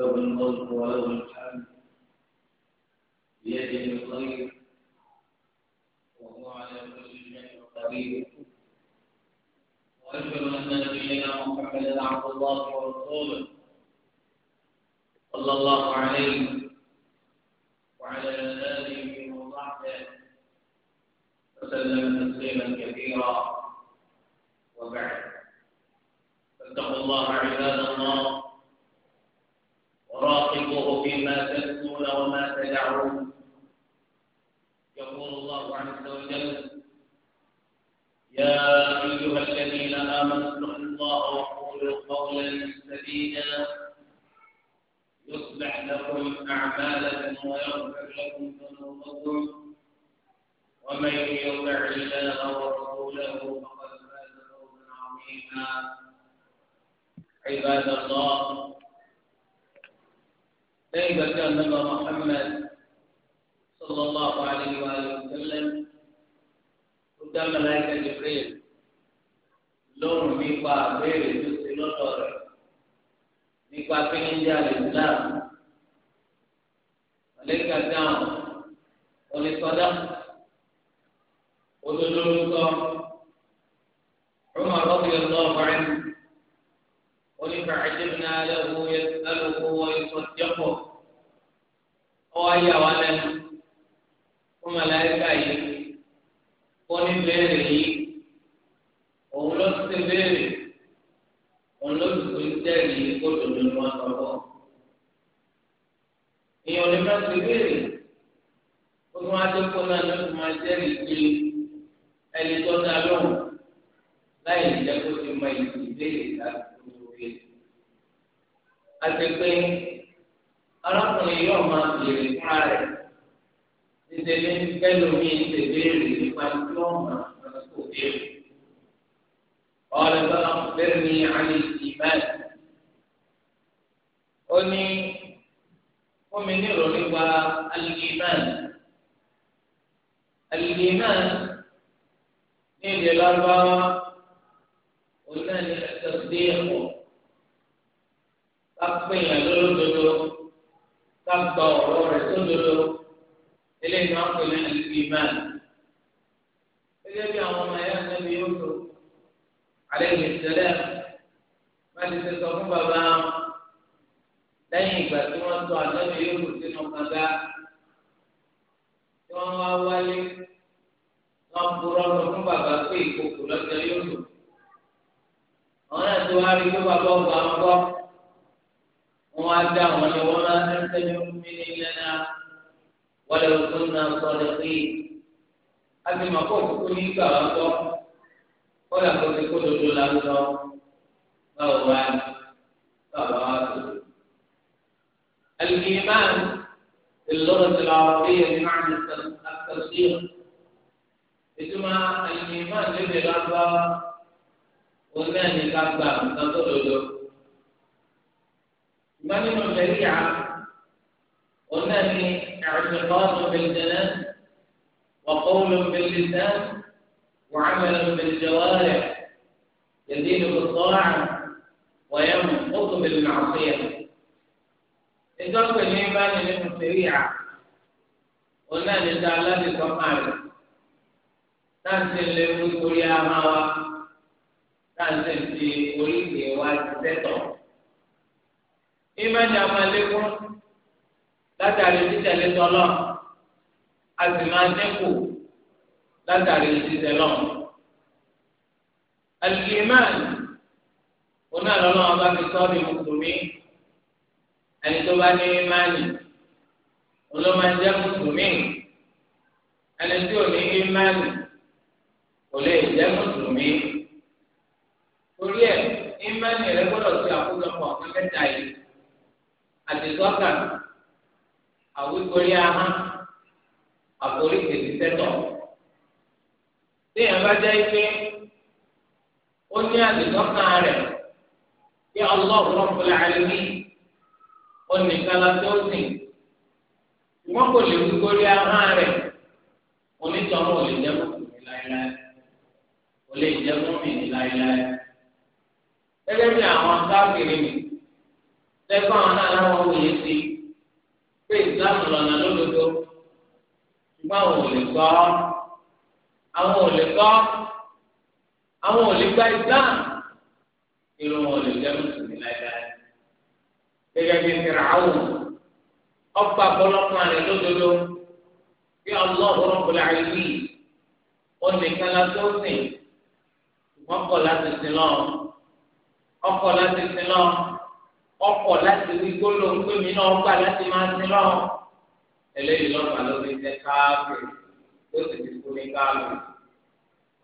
له الملك وله الحمد بيده الخير وهو على كل شيء قدير واشهد ان نبينا محمدا عبد الله ورسوله صلى الله عليه وعلى اله وصحبه وسلم تسليما كثيرا وبعد فاتقوا الله عباد الله وراقبوه فيما تأتون وما تدعون يقول الله عز وجل يا أيها الذين آمنوا اتقوا الله وقولوا قولا سديدا يصلح لكم أعمالكم ويغفر لكم ذنوبكم ومن يطع الله ورسوله فقد فاز فوزا عظيما عباد الله lẹ́yìn ìgbà tí ànábì Muhammad sallallahu alaihi wa sallam ó dá màláíkà Jibril lóhùn nípa àbẹ́rẹ́ tó ṣe lọ́dọ̀ rẹ̀ nípa píníjà Islam màláíkà dáhùn onísọdá olólùkọ Umar radiyallahu anhu onífà àjẹmínà lẹ́hu alùpùpù ìsọ̀jọ́pọ̀ ọwọ́ ayé àwọn lẹ́nu fún màláìka yìí fún ìbéèrè yìí òun ló ti béèrè òun ló ti fi tẹ́lẹ̀ yìí kó dòdò ní wọn lọ́wọ́ ìyẹn onífà ti béèrè ó tún wá náà ló ti máa tẹ́lẹ̀ yìí ẹni tó dá lóhùn láì jẹ́ kó ti mọ ìdílé ìdájọ́ àti pé arákùnrin yóò máa bèrè fúnra rẹ̀ nítorí ẹlòmíì ti béèrè nípa tí wọ́n máa ń kó béèrè. قال فأخبرني عن الإيمان أني ومن رغب الإيمان الإيمان من الأربعة قلنا التصديق kápẹ́yìn lọ́lọ́dodo kápẹ́ ọ̀rọ̀ rẹ̀ sódodo eléyìí máa ń pè ní alìsímán gẹ́gẹ́ bí àwọn ọmọ ẹ̀yà níbi yóò tó alẹ́ ìṣẹ̀lẹ̀ má ti ṣe sọ fún bàbá wọn lẹ́yìn ìgbà tí wọ́n tọ́ àlọ́bí yóò tó sínú kànga tí wọ́n wá wáyé wọ́n kúrọ́ lọ fún bàbá pé ìkòkò lọ́jọ́ yóò tó àwọn náà ti wá rí pé bàbá ọgbà ń gbọ́. وأتاهم وما تنتج مؤمن لنا ولو كنا صادقين أبي ما قلت كوني كأبو ولا قلت كل دولار فهو فهو الإيمان في اللغة العربية بمعنى التصديق اسمها الإيمان للغة وناني كذا نقول ومن الشريعة والنهي اعتقاد بالجنان وقول باللسان وعمل بالجوارح يزيد بالطاعة وينقص بالمعصية إذا الإيمان من الشريعة قلنا لجعل الله سبحانه تنزل لمن كل أمامه تنزل في كل واتسيطه ìmánì àmàlékún látàrí títẹ̀lé tọ́lọ́ a sì máa dẹ́kù látàrí títẹ̀lọ́. Al-Iman oná lọ́nà ọba fi sọ́ọ̀dì mùsùlùmí ẹni tó bá ní ìmánì olóma ń jẹ́ mùsùlùmí ẹni tí ò ní ìmánì kò lè jẹ́ mùsùlùmí torí ẹ̀ ìmánì rẹ gbọ́dọ̀ ti àkójọpọ̀ ọ̀kan yìí àdìsọ́kà àwíkórí ahọ́n àforíkèsí sẹ́tọ̀. Bí èèyàn bá jẹ́ ike, ó ní àdìsọ́kà rẹ̀ bí ọlọ́run ọ̀pọ̀lọ̀ àlùmí oníkàlà tó sìn. Wọ́n kò lè wíkórí ahọ́n rẹ̀ onítọ̀ọ́ ò lè jẹ́ mọ́mí láéláé. Ò lè jẹ́ mọ́mí láéláé. Gẹ́gẹ́ bí àwọn káfíìrì mi lẹ́kọ̀ọ́ àwọn náà láwọn wòye sí pé ìsìlámù lọ́nà lódodo ṣùgbọ́n àwọn ò lè kọ́ àwọn ò lè kọ́ àwọn ò lè gba ìsìlámù irun wọn ò lè jẹ́ mùsùlùmí láéláé gẹ́gẹ́ bí fìràwù ọgbà bọ́lọ́pàá rẹ̀ lódodo bí ọlọ́run rọ́pòlá àìwí onìkan lásán sìn ṣùgbọ́n kọ̀ láti sin lọ́ọ̀ ọkọ̀ láti sin lọ́ọ̀ ọkọ̀ láti wí gbólóhùn pé mi náà gbà láti máa sin lọ́wọ́ eléyìí lọ́gbà ló fi jẹ káàbì ó sì ti kú ní káàbì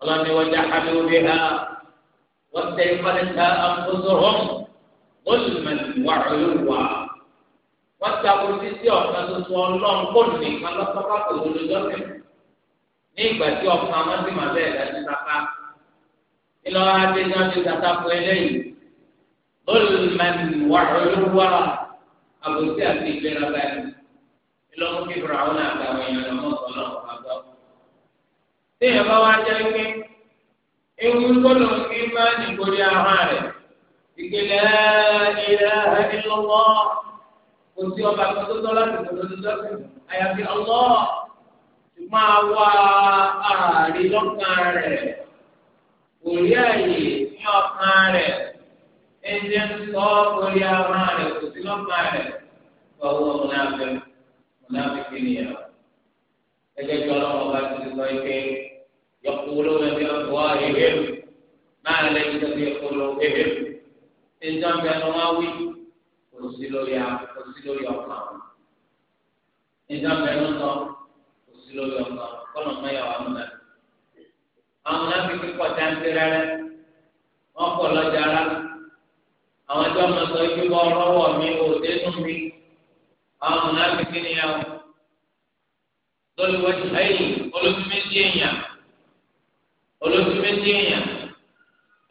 ọlọ́ni wọ́n já kábí orí ha wọ́n tẹ ìfọ́lẹ́ ta àkóso hàn olùmọ̀lì wà olùwà wọ́n ta orí sí ọ̀kan tuntun ọlọ́run kó nìkan lọ́sọ́kọ́ kò wọlé lọ́sẹ̀ ní ìgbà tí ọkàn wọn sì máa bẹ́ẹ̀ dájú sáká ìlọ́wọ́ adé náà ti dáta fún eléyìí olùmọ̀n wàhálùwàrà àbòsí àti ìlera báyìí ìlọ́mú kí fúráwọn àtàwọn èèyàn lọ́mọ ọ̀gbọ́n ọ̀gbà gbọ́. téèyàn bá wá jẹ́ pé ewu gbọ́dọ̀ ní máa ní gorí ahọ́n rẹ̀ ìgbélé ilẹ̀ ẹni lọ́wọ́ kò sí ọba àkọ́tọ́tọ́ láti gbọ́dọ̀ ní dọ́kítà àyàfi ọlọ́ máa wá ààrí lọ́kàn rẹ̀ kò rí àyè ní ọkàn rẹ̀ ẹnjẹ ń sọ orí ahọ́n rẹ̀ kò sí lọ́kàn rẹ̀ fọwọ́ múnáfẹ́ múnáfẹ́ kìnìyà ẹgbẹ́ tí ọlọ́wọ́ bá ti sọ ike yọkúló ẹbí ọ̀gbọ́ ẹ̀hẹ́ máa lẹ́yìn tó fi kúló ẹ̀hẹ́ ẹnjẹ ń bẹnu wá wí kò sí lórí kò sí lórí ọkàn ẹnjẹ ń bẹnu sọ kò sí lórí ọkàn kọ́nà mẹ́yàwó amúnáfẹ́ amúnáfẹ́ kíkọ́ dáńtẹ́rẹ́rẹ́ wọ́n kọ́ lọ́jà rárá. àwọn ẹjọ́ ọmọ sọ ikú bọ́ ọlọ́wọ́ mi ò dénú mi àwọn mùnàfíkì ni àwọn lọ́lùwẹ́jì lẹ́yìn olóṣù méjì èèyàn olóṣù méjì èèyàn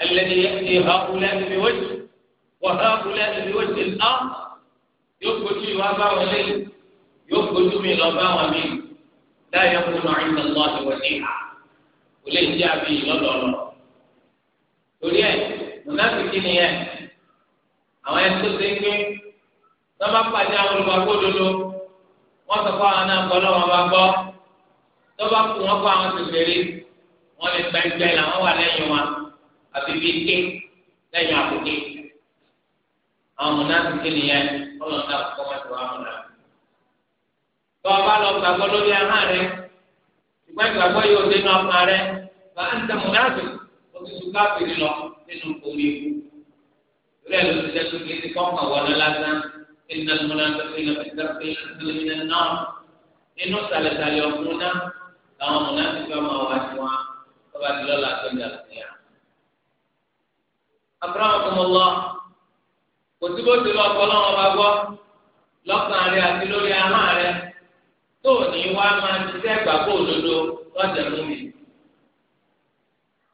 ẹlẹ́ni ti ha kulẹ̀ ibi wẹ́jì wọ́n ha kulẹ̀ ibi wẹ́jì ná yóò kojú ìwà bá wọn lẹ́yìn yóò kojú mi lọ bá wọn mi láyé kúnú àyìnbó lọ́ọ̀dì wọ́n ní ìhà kò lè jẹ́ àbí lọ́dọọlọ torí ẹ̀ mùnàfíkì ni ẹ̀. àwọn ẹni tó ṣe pé ahụ pàdé àwọn olùgbàgbọ́ òdodo wọ́n sọ fún àwọn náà kọ́ lọ́wọ́ bá gbọ́ lọ́ba kù wọ́n kọ́ àwọn tòṣèré wọ́n lè gba làwọn wà lẹ́yìn wọn àfi bí ké lẹ́yìn àkókè àwọn nìyẹn rẹ ló ti dẹ́kun kí ti kọ́kọ́ wọlé lásán iná múná pépé iná pépé pépé ló iná náà nínú sàlẹ̀sàlẹ̀ ọ̀gbun náà làwọn múná ti fẹ́ máa wá sí wọn lọ́ba ti lọ́la tó ń dàgbé yà. àbúrò kò mọ lọ kò sí bó ti lọ ọkọ lọ́wọ́ bá gbọ́ lọ́kàn rẹ àti lórí ahọ́n rẹ tó o ní wá máa ṣiṣẹ́ gbàgbọ́ òdodo lọ́sẹ̀ mú mi.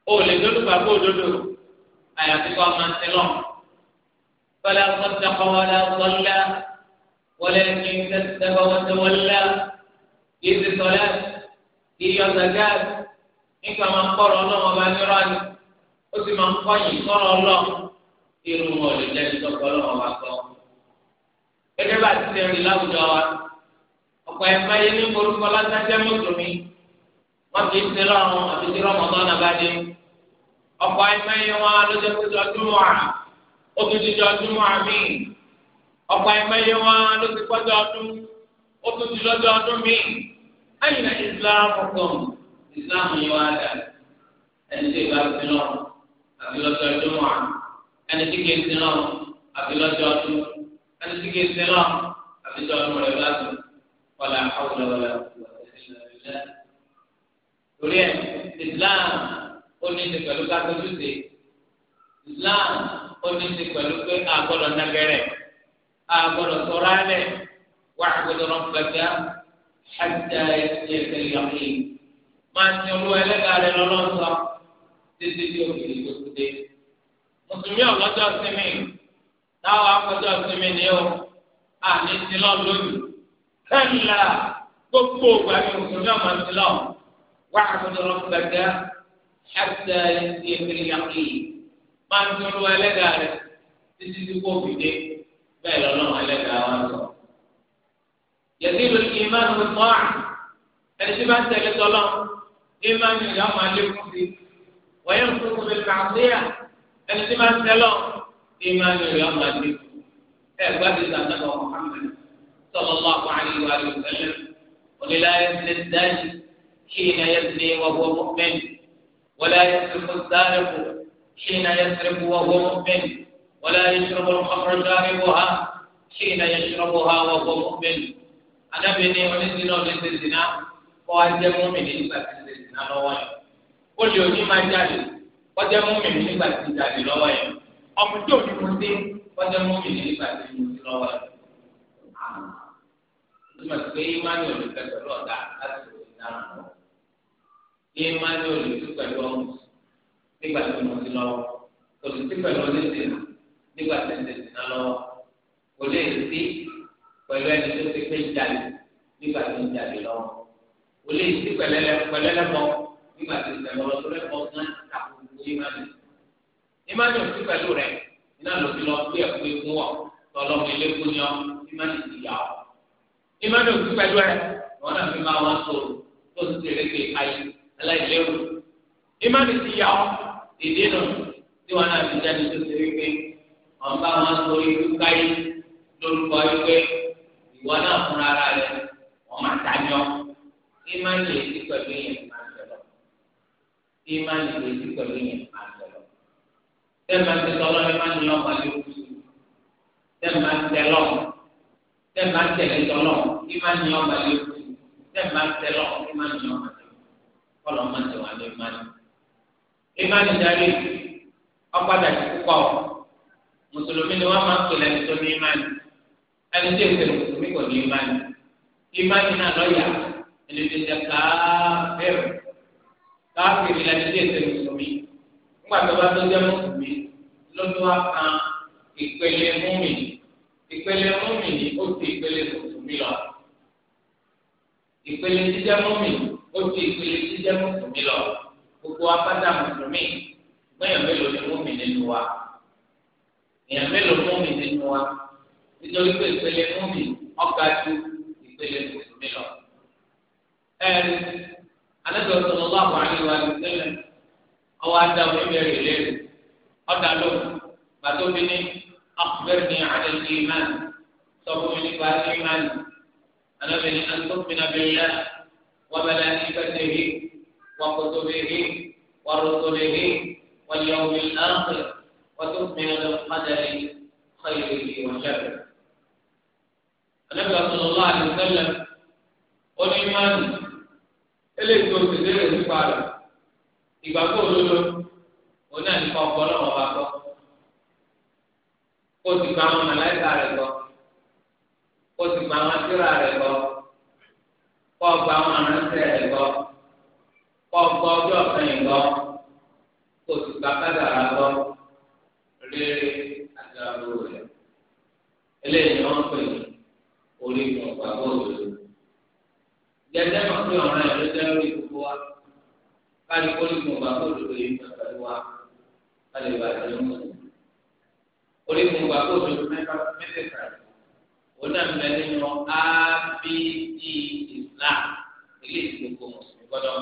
o lè dọ́dún gbàgbọ́ òdodo àyàfi kọ́ máa ń tẹ́lọ̀. فلا صدق ولا صلى ولكن كذب وتولى إذ صلاة هي زكاة nígbà máa ń kọ́rọ̀ ọlọ́run ọba nírọ́ ni ó sì máa ń kọ́yìn kọ́rọ̀ ọlọ́run irun wọn lè jẹ́ ìtọ́kọ ọlọ́run ọba gbọ́. gẹ́gẹ́ bá ti ṣe rí láwùjọ wa ọ̀pọ̀ ẹ̀fọ́ yẹn ní orúkọ lásánjẹ́ mùsùlùmí wọ́n kì í ṣe lọ́rùn àti tí rọ́mọdọ́nà bá dé ọ̀pọ̀ ẹ̀fọ́ yẹn wọn ló jẹ́ kó ó tún ti jọ ọdún mọ́ àmì ọ̀pọ̀ ẹ̀mẹ́yẹ wọn ló ti kọjọ ọdún ó tún ti lọ́jọ́ ọdún míì ẹ̀yìn náà islam kan islam yìí wá dà ẹni tí ìgbà ti lọ àti lọ́jọ́ ọdún mọ́ ẹni tí kìí ti lọ àti lọ́jọ́ ọdún ẹni tí kìí ti lọ àti lọ́jọ́ ọdún rẹ̀ láti wọlé àwùjọ wọlé àwùjọ torí ẹ islam ó ní ìṣe pẹ̀lú ká tó tún ṣe islam ó ní ti pẹ̀lú pé àgbọ̀dọ̀ nàgẹ̀rẹ̀ àgbọ̀dọ̀ sọ̀rọ̀ alẹ̀ wà àgbọ̀dọ̀ rọ̀gbẹ̀gà ṣàtìjà ẹ̀sìn ẹ̀sìn yọ̀kì. máa ti olú ẹlẹ́gàá rẹ lọ́lọ́sọ títí tí òkèlè tó kú dé. mùsùlùmí ọ̀lọ́jọ́ sinmi táwọn akọ́jọ́ sinmi ni ó àní ti lọ lónìí. kẹ́ńlá gbogbo ògbà ni mùsùlùmí ọ̀mọ̀ ti lọ wà àgbọ̀dọ̀ rọ̀gbẹ̀gà ṣàtìjà ẹ̀sìn ẹ̀sìn yọ̀kì máa ń tọ́lú ẹlẹ́dàá rẹ títí tí kò fìdé bẹ́ẹ̀ lọ́lọ́run ẹlẹ́dàá wa sọ. yẹtí ló ti máa ń mọ ẹni tí bá ń tẹ̀lé tọ́lọ́ ní máa ń yàn yàn máa lé fún sí wọ́yẹ̀ ń fún mi kàwéyà ẹni tí máa ń tẹ́lọ̀ ní máa ń yàn yàn máa lé fún ẹ gbàdé sàtàkọ̀ sọlọ lọ àpò àyè wa lè tẹ̀lé oníláyé ti dájú kí ni ayé ti ní wàhùn mọ́mẹ́ni wọlé ti fún sáré fún. حين يسرب وهو مؤمن ولا يشرب الخمر جاربها حين يشربها وهو مؤمن أنا بني ونزنا ونزنا وأنت مؤمن إذا تزنا لوين قل يومي ما جالي وأنت مؤمن إذا تزنا لوين أم توني مسلم وأنت مؤمن إذا تزنا لوين ثم pé Imani olùkẹ́ pẹ̀lú ọ̀dà láti ìdáná. Imani olùkẹ́ nígbà tí mo ti lọ́wọ́ kò sì sí pẹ̀lú oníṣìnà nígbà tí mo ti ṣìnà lọ́wọ́ kò lè sí pẹ̀lú ẹni tó ti pé jalè nígbà tí mo jalè lọ́wọ́ kò lè sí pẹ̀lú ẹlẹ́bọ nígbà tí mo jalè lọ́wọ́ tó lẹ́bọ gán àkókò ìmánu ìmánu sí pẹ̀lú rẹ̀ iná ló fi lọ gbé ẹ̀kú ikú wọ̀ tọ́lọ́ mi lé kú yan ìmánu ti yà ọ́ ìmánu sí pẹ̀lú ẹ̀ wọn náà fi máa wọn sọ̀rọ̀ tó ti tẹ̀lé ìmánu ti yà ọ́ ìdí nù tí wọn náà fi jáde tó ṣe wípé wọn bá wọn sórí káyé lórúkọ wípé ìwọ náà fúnra ara rẹ wọn máa tàjọ ìmánì èsì pẹ̀lú yẹn máa tẹ̀lọ ìmánì èsì pẹ̀lú yẹn máa tẹ̀lọ tẹ́lẹ̀ ti tọ́lọ́ ìmánì lọ́mọ lé kú tẹ́lẹ̀ ti tẹ̀lọ́ tẹ́lẹ̀ ti tẹ̀lé tọ́lọ́ ìmánì lọ́mọ lé kú tẹ́lẹ̀ ti tẹ̀lọ́ ìmánì lọ́mọ lé kú kọ́lọ́ máa tẹ̀wá lé ìmánì ìmánì darí ọ̀padà ti púpọ̀ mùsùlùmí ni wọ́n máa ń pèlè ẹni tó ní ìmánì ẹni tó ìpèlè mùsùlùmí kò ní ìmánì ìmánì náà lọ́yà ẹni tó jẹ káfíìrì káfíìrì lẹni tó ìpèlè mùsùlùmí nígbà tó bá tó jẹ mùsùlùmí lọ́dún wa kan ìpele múmi ìpele múmi ni ó ti ìpele mùsùlùmí lọ ìpele jíjẹ múmi ó ti ìpele jíjẹ mùsùlùmí lọ gbogbo apáta mùsùlùmí gbẹ̀yàn mélòó ni mú mi nínú wa èèyàn mélòó mú mi nínú wa nítorí pé ìpele mú mi ọ̀gá ju ìpele mùsùlùmí lọ. ẹ̀ẹ́dì anájọ sọ̀rọ̀ wà wà ní wa ní sẹ́lẹ̀ ọwọ́ ajá omi bẹ̀rẹ̀ lẹ́rù ọ̀dà lóhùn gbàtó bí ní ọ̀gbẹ́rẹ́ ní àdéhùn ìmáàlì sọ̀rọ̀ nípa ìmáàlì anábìrin àti tó pinna bẹ̀rẹ̀ wọ́n bẹ̀rẹ̀ ní وكتبه ورسله واليوم الآخر وتؤمن بالقدر خيره وشره النبي صلى الله عليه وسلم والإيمان إليه تؤتي الإخبار ìgbàgbọ́ òdodo òun náà nípa ọ̀pọ̀lọ́ ọba gbọ́ kó o ti gba àwọn màláìka rẹ̀ gbọ́ kó o ti gba àwọn àtìrà rẹ̀ gbọ́ kó o gba àwọn àrántẹ́ rẹ̀ gbọ́ kọ́kọ́ ọjọ́ kẹyìn lọ kó sì gba kádàrá lọ rere àti rẹ̀ eléyìí ni wọ́n pè ní orígun ìgbàgbọ́ òdodo. gẹ́gẹ́ mọ̀ pé ọ̀ràn ẹ̀ ló jẹ́ lórí gbogbo wa káàdì orígun ìgbàgbọ́ òdodo yìí ń pẹ̀lú wa káàdì ìbàdàn ló ń mọ̀ orígun ìgbàgbọ́ òdodo mẹ́tẹ̀ẹ̀ta onáfẹ́ nínú ábídì e, islam ilé ìgbòho mùsùlùmí gbọ́dọ̀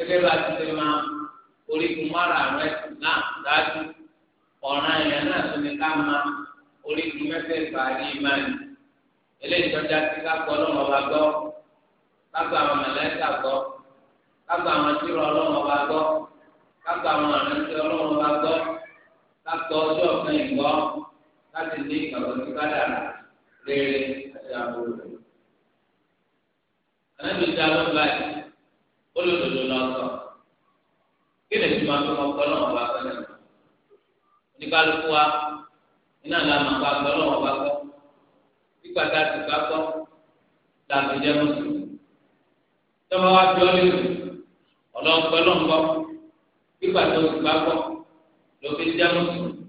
gẹ́gẹ́ bá ti ṣe máa orígun mara àwọn ẹ̀sìn náà dájú ọ̀ràn èèyàn náà tó ní ká máa orígun mẹ́fẹ̀ẹ̀fà ní ìmáàlì eléyìí tọ́jà sí kápọ̀ ọlọ́run ọba gbọ́ kápọ̀ àwọn mẹ̀lẹ́kà gbọ́ kápọ̀ àwọn tìrọ ọlọ́run ọba gbọ́ kápọ̀ àwọn àrántí ọlọ́run ọba gbọ́ kápọ̀ ọjọ́ ọ̀kan ìgbọ́ láti ní ìgbàgbọ́ sí kádàrà rere àti àbúrò rẹ̀. àlejò ìjà ló ń báyìí olódodo lọ sọ kí lè fi máa tó mọ gbọ́ lọ́wọ́ bá fẹ́ lẹ́nu oníkálukú wa iná làmà bá gbọ́ lọ́wọ́ bá gbọ́ pípa tá a ti bá gbọ́ làbí jẹ́ mùsùlùmí tọ́ba wa fi ọ́ lérò ọlọ́gbọ́ lọ́ngbọ́ pípa tó ti bá gbọ́ ló fi jẹ́ mùsùlùmí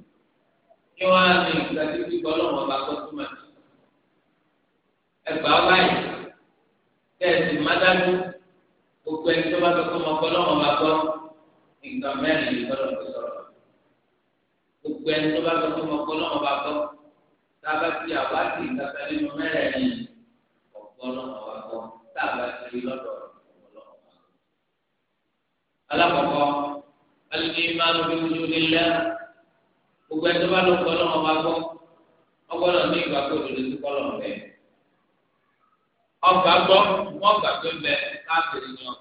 kí wọ́n á ní ìgbà tí ti gbọ́ lọ́wọ́ bá gbọ́ tó máa ti ẹgbàá báyìí tẹ̀sí má dájú gbogbo ẹni tó bá tó kọ́ ọmọ gbọ́dọ̀ ọmọ gbọ́ nǹkan mẹ́rin ní gbọ́dọ̀ tó sọ̀rọ̀ gbogbo ẹni tó bá tó kọ́ ọmọ gbọ́dọ̀ ọmọ gbọ́ tába ti àwádìí kankan nínú mẹ́rin ní ọgbọ́dọ̀ ọmọ gbọ́ tába ti rí lọ́dọ̀ ọgbọ́dọ̀ ọmọ gbọ́. alákọ̀ọ́kọ́ alẹ́ máa ń bí gbogbo ẹni tó bá tó kọ́ ọmọ gbọ́ ọgbọ́dọ̀ ní ìgbàgbọ́ òdodo tó kọ́ ọmọ bẹ́ẹ̀ ọgbà gbọ́ wọ́n gbà pé mbẹ káfíìrì ni ọ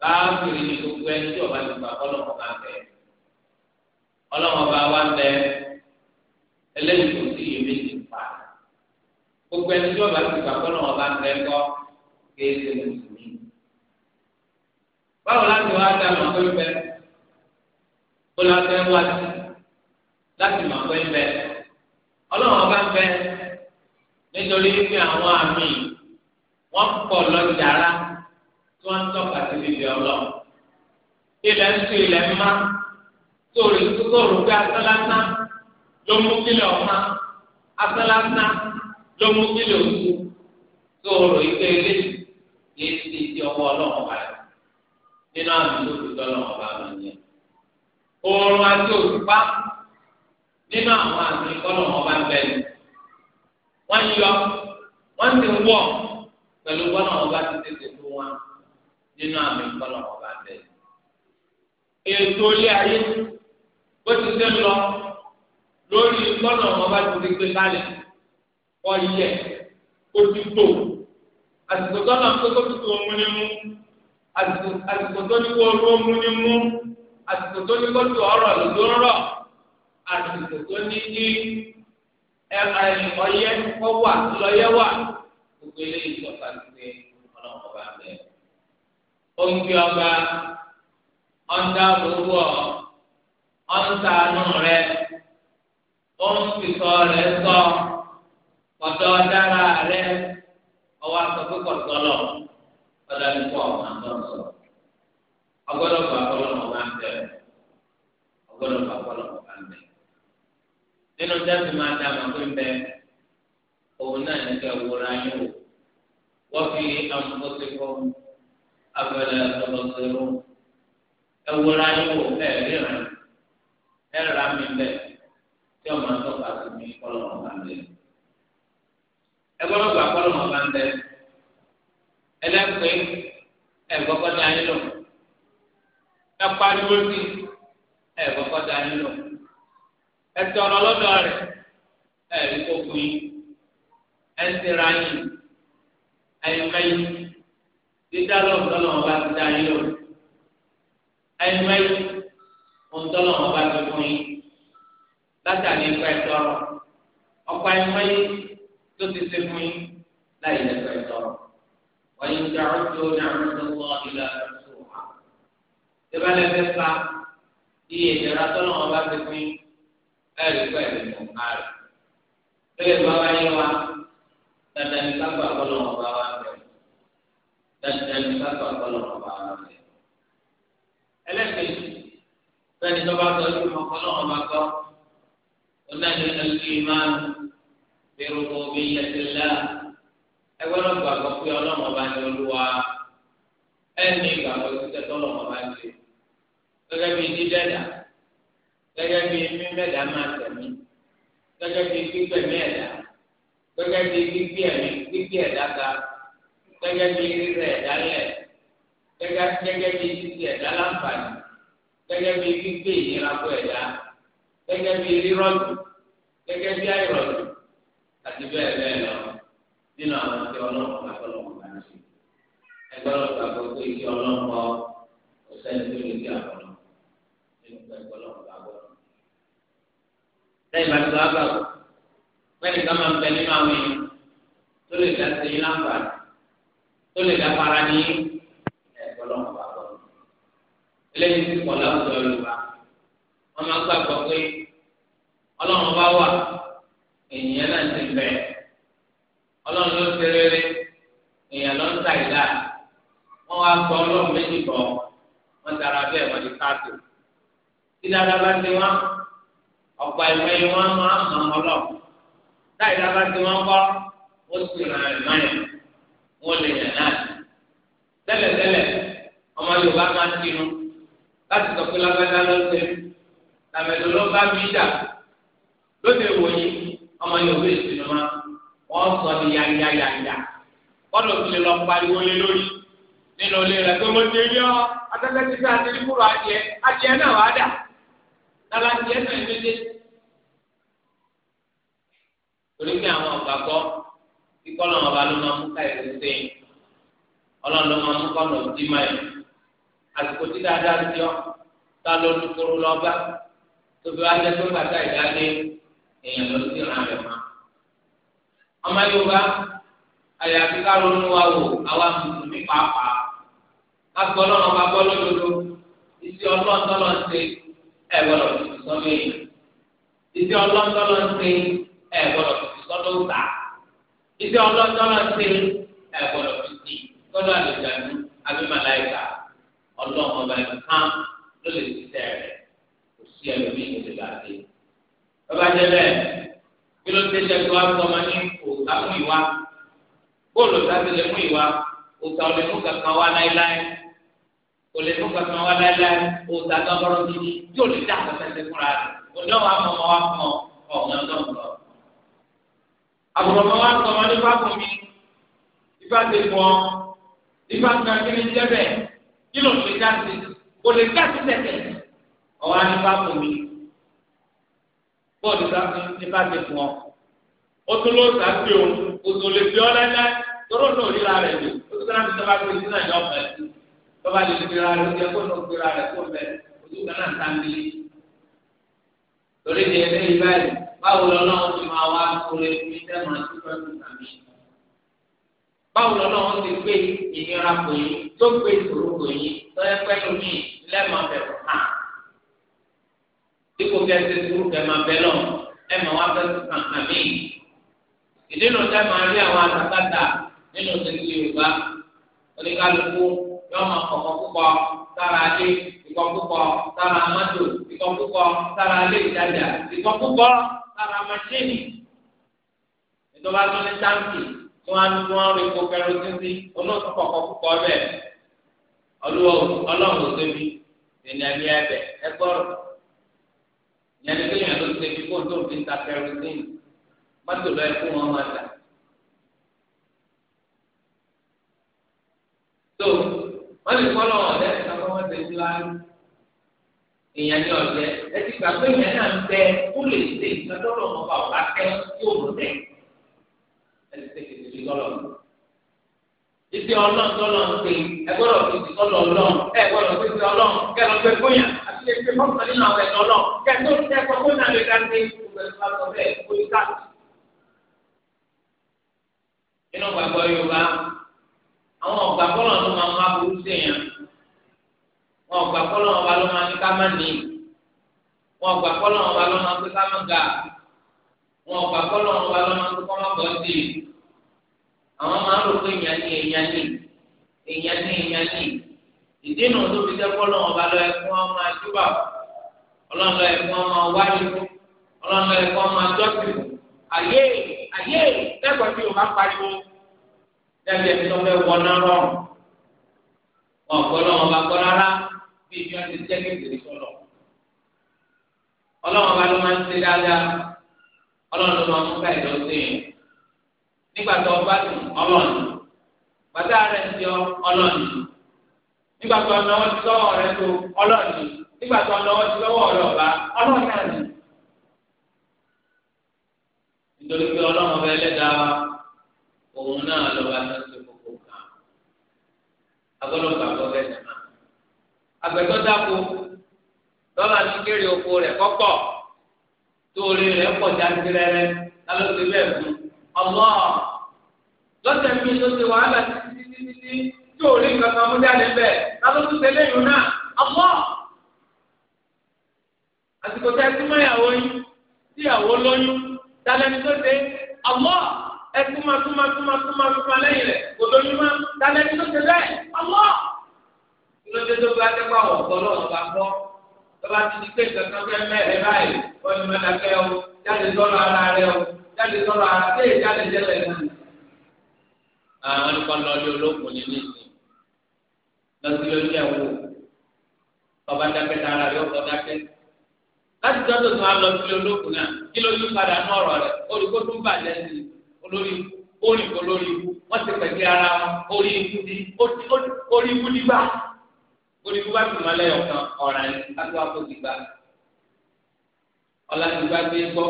káfíìrì ni gbogbo ẹni tí ọba ti gbà ọlọ́mọ bá bẹ ọlọ́mọ bá wá bẹ eléyìí kò sí iye méjì pa gbogbo ẹni tí ọba ti gbà ọlọ́mọ bá bẹ kọ́ kéésì mùsùlùmí báwo láti wá dá mọ̀ pé mbẹ kó lọ́ọ́ fẹ́ wá sí láti mọ̀ pé mbẹ ọlọ́mọ bá bẹ nítorí wípé àwọn àmì wọn pọ̀ lọ́jàrá tí wọ́n ń tọ́ka sí bíbí ọlọ́run. ilẹ̀ ń tu ilẹ̀ mma sórí sórí pé asálásá ló mú kílẹ̀ ọ̀ma asálásá ló mú kílẹ̀ òkú sórí ìpè ilé yìí ti di ọwọ́ ọlọ́run báyìí nínú àmì tó fi tọ́lọ̀ ọba àmì yẹn. oorun àti òṣùpá nínú àwọn àmì kọ́lọ̀ ọba bẹ́ẹ̀ ni wọ́n yọ wọ́n ti wọ̀ pẹ̀lú bọ́lá ọba ti tètè fún wa nínú àmì bọ́lá ọba bẹ́ẹ̀. ètò ilé ayé bó ti ṣe lọ lórí bọ́lá ọba ti rí pé lálẹ́ kọ́ yẹ kó ti tó àsìkò tó náà kó tó tó mú ni mú àsìkò tó ní kó ró mú ni mú àsìkò tó ní kó tó ọ̀rọ̀ lòdó rọ̀ àsìkò tó ní kí ọyẹ kọ wà lọyẹ wà gbogbo eléyìí tọ́ka pé ọlọ́run ọba bẹ oúnjẹ ọba ọ̀ndà lówó ọ̀ndà nù rẹ oúnjẹ rẹ sọ kọ̀dọ̀ dára rẹ ọwọ́ àtọ́kù kọ̀tọ́ lọ ọ̀dà nípa ọ̀nà àtọ́sọ ọgbọ́dọ̀ gbà kọ́ lọ́wọ́ bá ń bẹ̀rẹ̀ ọgbọ́dọ̀ gbà kọ́ nínú dábì máa dá àwọn pé ń bẹ òun náà ní kẹ wúra yín wò wọ́n fi amúkọ́sí fún abẹ́rẹ́ ọlọ́sẹ̀rọ̀ ẹ wúra yín wò ẹ ríran ẹ rà mí bẹ tí ọmọ àtọ́ka sí mi kọ́lọ́mọ̀ bá ń bẹ ẹ gbọ́dọ̀ gbà kọ́lọ́mọ̀ bá ń bẹ ẹ lẹ́pẹ́ ẹ gbọ́kọ́ dá yín lọ ẹ pariwo sí ẹ gbọ́kọ́ dá yín lọ ẹtọ ọlọlọdọ rẹ ẹrí gbogbo yìí ẹntìrà yìí ẹyìnmá yìí dídá lọ́wọ́ ọba ti dá yìí lọ ẹyìnmá yìí ọ̀ńtọ́lọ̀ ọba ti fún yìí látàrí ẹ̀kọ́ ẹ̀tọ́rọ̀ ọ̀pá ẹ̀yìnmá yìí tó ti ṣe fún yìí láyé ẹ̀kọ́ ẹ̀tọ́rọ̀ wọ́n yìí dá ọ̀tọ́ ní àwọn ọ̀dọ́ ìlà ẹ̀ṣọ́ wa. ìbálẹ̀ fẹ́ fa iye ìdára tọ́lọ̀ ọba ti fún yìí ẹ̀rí pẹ̀lú ìmọ̀ká rẹ̀. Bẹ́ẹ̀ bá wá yé wa, dandan ní kápá ọ̀pọ̀lọ̀ ọ̀bá wa bẹ̀. Dandan ní kápá ọ̀pọ̀lọ̀ ọ̀bá wa bẹ̀. Ẹlẹ́sìn sẹ́ni tó bá sọ sí ọ̀pọ̀lọ̀ ọ̀bá gbọ́, ó náà ní ẹlẹ́sìn máa ń bẹ̀rù yẹtìlá. Ẹgbẹ́ náà gbàgbọ́ pé ọlọ́mọ bá ní olúwa. Ẹni ìgbàgbọ́ sí tẹ́tọ́ ọlọ́mọ bá ní. Gẹ́gẹ́ bí dídẹ́dà gẹ́gẹ́ bí mímẹ́dá máa tẹ̀mí gẹ́gẹ́ bí gbígbẹ̀mí ẹ̀dá gẹ́gẹ́ bí gbígbẹ̀mí gbígbẹ̀ ẹ̀dá ga gẹ́gẹ́ bí rírẹ̀ ẹ̀dá lẹ̀ gẹ́gẹ́ bí títí ẹ̀dá láǹfààní gẹ́gẹ́ bí gbígbé ìyẹrakọ ẹ̀dá gẹ́gẹ́ bí rírọ̀jù gẹ́gẹ́ bí àìrọ̀jù àti bẹ́ẹ̀ bẹ́ẹ̀ lọ nínú àwọn tí ọlọ́run bá tọ́lọ́run bá ń ṣe ẹgbẹ́ ọlọ́run bá gbogbo ìdí ọlọ́run kọ́ ọ̀sẹ́ni tó lè dí àbọ̀lọ́ nínú ẹgbẹ́ ọlọ́run lẹ́yìn bá ti lọ àgbà wò mẹ́rin ká máa ń bẹ nínú àwọn èèyàn tó lè dá sí yín láǹfààní tó lè dá para ní ẹ̀kọ́ lọ́wọ́ bá bọ̀. eléyìí ti pọ̀ láwùjọ yorùbá wọ́n máa ń gbàgbọ́ pé ọlọ́run wà ènìyàn náà ti bẹ̀ ọlọ́run ló ti rere èèyàn ló ń ta ìlà wọ́n wá gbọ́ ọlọ́run méjì bọ̀ wọ́n tara bẹ́ẹ̀ wọ́n ti káàtó. tí dáadáa bá ti wá ọ̀pọ̀ ìwé ni wọ́n máa ń mọ̀ ọ́ lọ. láì dábàá tí wọ́n kọ́ ó sì ràn án mọ́yà wọ́n lè yàn náà. tẹ́lẹ̀tẹ́lẹ̀ ọmọ Yorùbá máa ń tinú láti sọ pé lágbádá ló ṣe làmẹ̀dọ̀ ló bá mi dà lóde ìwòye ọmọ Yorùbá ìsinmi máa wọ́n sọ ní yáyáyáyá kọ́dọ̀ tó lè lọ pariwo lé lórí nínú ilé rẹ̀ pé mo ti rí ọ atẹ́tẹ́ ti fẹ́ àti nípòrò adìẹ adìẹ náà wà dà tala ti ẹnu ẹ méjèèjì torí pé àwọn ọba gbọ́ kí kọ́lọ̀ ọba ló máa mú káyọ̀ sẹ́yìn ọlọ́run ló máa mú kọ́lọ̀ ọdí máa yọ àsìkò tí dáadáa ti ọ tá ló ń kúrú lọ́ba tóbi wá jẹ́ pé bàtà ìdálé èèyàn ló ti ràn rẹ̀ mọ́ ọmọ Yorùbá àyàfi ká ronú wa wò àwa mùsùlùmí pàápàá ká gbọ́ lọ́nà ọba gbọ́ lódodo ìsì ọlọ́ọ̀tọ́ lọ́ọ́ ṣe ẹ gbọ́dọ̀ fi ti sọ́dọ̀ èyí ìdí ọlọ́dọ́lọ́ ṣe ẹ gbọ́dọ̀ fi ti sọ́dọ̀ ọ̀tà ìdí ọlọ́dọ́lọ́ ṣe ẹ gbọ́dọ̀ fi ti sọ́dọ̀ àlùjáde àbí màláìka ọlọ́run ọba nìkan ló lè ti tẹ̀ rẹ̀ kò sí ẹlòmíì ní ìlú àti bàbá jẹ bẹ́ẹ̀ kí ló dé sẹ́kọ̀ọ́ wá fún ọmọ ní òòtà fún ìwà bóòlù tá a ti lè fún ìwà òòtà ò lè fún kankan wá láéláé kò lè fún kankan wá láéláé òòtà tó ọ̀rọ̀ gidi yóò lè dá kankan sí fúnra rẹ̀ òní ọmọ amọmọ wa fún ọ ọmọ náà lọ. àbùrọ̀mọ wa sọ ọmọ nípa fún mi nípa ti fún ọ nípa ti kan kíni jẹ bẹ́ẹ̀ kí ló lè dá sí kò lè dá sí tẹ̀tẹ̀ ọwọ́ nípa fún mi bọ́ọ̀lù nípa ti fún ọ ó tún ló sá sí o kò tó lè fi ọ láéláé tóró náà ríra rẹ̀ lò ó tún náà ti sábà pé sínú ẹ̀yọ́ ọ̀fẹ́ sí i bàbá lè fi ra rẹ̀ jẹ́ kó lọ fi ra rẹ̀ kó bẹ̀ ojú kan náà tán bí. torí ní ẹgbẹ́ yìí báyìí báwo lọ́nà wọn ti máa wá kúrẹ́ fún iṣẹ́ máa ti fẹ́ fún tàbí. báwo lọ́nà wọn ti gbé ìnira kò yín tó gbé ìṣòro kò yín tó yẹ pẹ́ lómi lẹ́ẹ̀mọ́ bẹ̀rù hàn. dípò kí ẹ ti sùúrù kẹ máa bẹ lọ ẹ máa wá fẹ́ fún tàbí. ìdí nù tẹ́ máa rí àwọn àtàkàtà nínú tẹ̀sí Yorùbá oníkálukú yọ ọmọ kọ̀ọ̀kan púpọ̀ sára ilé ìkọ̀ púpọ̀ sára mọ́tò ìkọ̀ púpọ̀ sára ilé ìtajà ìkọ̀ púpọ̀ sára mọ́ṣíìnì. ìjọba tó ní táǹkì tí wọ́n á ní wọ́n rí epo kẹrọsí sí olóòtú kọ̀ọ̀kan púpọ̀ bẹ́ẹ̀ ọlọ́run ló débi ènìyàn ní ẹbẹ̀ ẹgbọ́rọ̀ ìyẹn ní kéèyàn ló débi kó tó fi ta kẹrọsí mọ́tò lọ́ọ́ ẹ̀kú wọn máa tà wọ́n lè kọ́ lọ́wọ́ ọ̀dẹ́ nígbà tó wọ́n ti láàyè èèyàn ní ọ̀dẹ́ ẹ ti gbà pé èèyàn náà ń bẹ ó lè ṣe ìgbàdọ́rọ̀ ọmọ bá ọ̀gá tẹ́ yóò mú tẹ́ ẹ ti tẹ̀ tẹ̀ tẹ̀ lọ́lọ́ ìdí ọlọ́run tọ́lọ́ ń pè ẹ gbọ́dọ̀ fi ti tọ́lọ́ ọlọ́run ẹ gbọ́dọ̀ fi ti ọlọ́run kẹ lọ fẹ́ fún yàn àti lè fi fọ́ọ̀mù nínú àwọn ẹ̀dọ́ ọlọ́run kẹ tó ń tẹ́ fọ́ọ̀mù náà lè dáńdé gbogbo ẹ̀fọ́ àtọ̀ bẹ́ẹ̀ kó yíká. inú gbàgbọ́ Yorùbá àwọn ọ̀gbà kọ́lọ̀ ló máa má burú séèyàn wọn ọ̀gbà kọ́lọ̀ ọba ló máa ní ká má nì wọn ọ̀gbà kọ́lọ̀ ọba ló máa pé ká má ga wọn ọ̀gbà kọ́lọ̀ ọba ló máa pé ká má bọ́ sí i àwọn máa ń rò pé èèyàn ní èèyàn ní èèyàn ní èèyàn ní ìdínà tó fi jẹ́ kọ́lọ̀ ọba lọ ẹ̀kún ọmọ àdúrà ọlọ́lọ́ ẹ̀kún ọmọ wáyé ọlọ́lọ́ ẹ̀kún ọmọ àjọ́sìn ayé ayé lẹ́kọ̀ọ́ tí o máa pariwo. dábìá tí wọn fẹ́ wọná rọrùn wọn kọ lọ́wọ́ bá kọ rárá bí ibi ti jẹ́ kékeré sọlọ ọlọ́wọ́ bá ló máa ń ṣe dáadáa ọlọ́wọ́ ló máa ń fún káyọ̀ lọ́sẹ̀yìn nígbà tó ọba dùn ọlọ́ọ̀nù bàtà rẹ̀ ń yọ ọlọ́ọ̀nù nígbà tó ọ̀nà wọn ti lọ́wọ́ rẹ̀ tó ọlọ́ọ̀nù nígbà tó ọ̀nà wọn ti lọ́wọ́ rẹ̀ ọ̀bá ọlọ́ọ̀nù nítorí pé ọlọ́wọ́ òun náà lọ́ba tó ń ṣe gbogbo kan agbọ́dọ̀ gbàgbọ́ bẹ́ẹ̀ nàmá àgbẹ̀tọ́ dáko lọ́la ti kéré oko rẹ̀ kọ́kọ́ tó orí rẹ̀ pọ̀ jáde-rẹ́rẹ́ lálọ́sẹ̀ bẹ́ẹ̀ fún ọmọ lọ́sẹ̀ mi ló ṣe wàhálà títí tí orí nǹkan kan mú jáde bẹ́ẹ̀ lálọ́sẹ̀ tẹ́lẹ̀ yìí náà ọmọ àsìkò tẹ́ ẹ ti mọ ìyàwó yín tí ìyàwó lóyún dálẹ́ni tó ṣe ọmọ ẹkúma kúma kúma kúma kúma lẹ́yìn rẹ̀ òdòdó má dalẹ̀ tó ti bẹ́ẹ̀ ọwọ́. ìlọdẹ tó bá tẹ́ pa ọ̀gbọ́ náà bá gbọ́ bàbá ti di pé kankan fẹ́ mẹ́rẹ̀ báyìí wọ́n ti máa dàgbẹ́ o jáde sọ́rọ̀ ara rẹ o jáde sọ́rọ̀ ara rẹ jáde jẹ́lẹ̀ náà. àwọn ìkọlọ ọdún ológun ni ní ìsìn lọ́sílẹ̀ onílẹ̀ wo bàbá dákẹ́ tara rẹ ọkọ̀ dákẹ́ láti tọ́jú tó a lọ sílẹ̀ ológun náà kí ló yí padà ní ọ̀rọ̀ rẹ̀ olùkó tó ń bàjẹ́ sí i olórí ikú ó rìn kó lórí ikú wọ́n ti pẹ̀lú ara wọn orí ikú ní orí ikú nígbà orí ikú bá ti mọ lẹ́yìn ọ̀kan ọ̀ràn ní kájọ́ àpò ti gbà. ọ̀la ti gbà dé gbọ́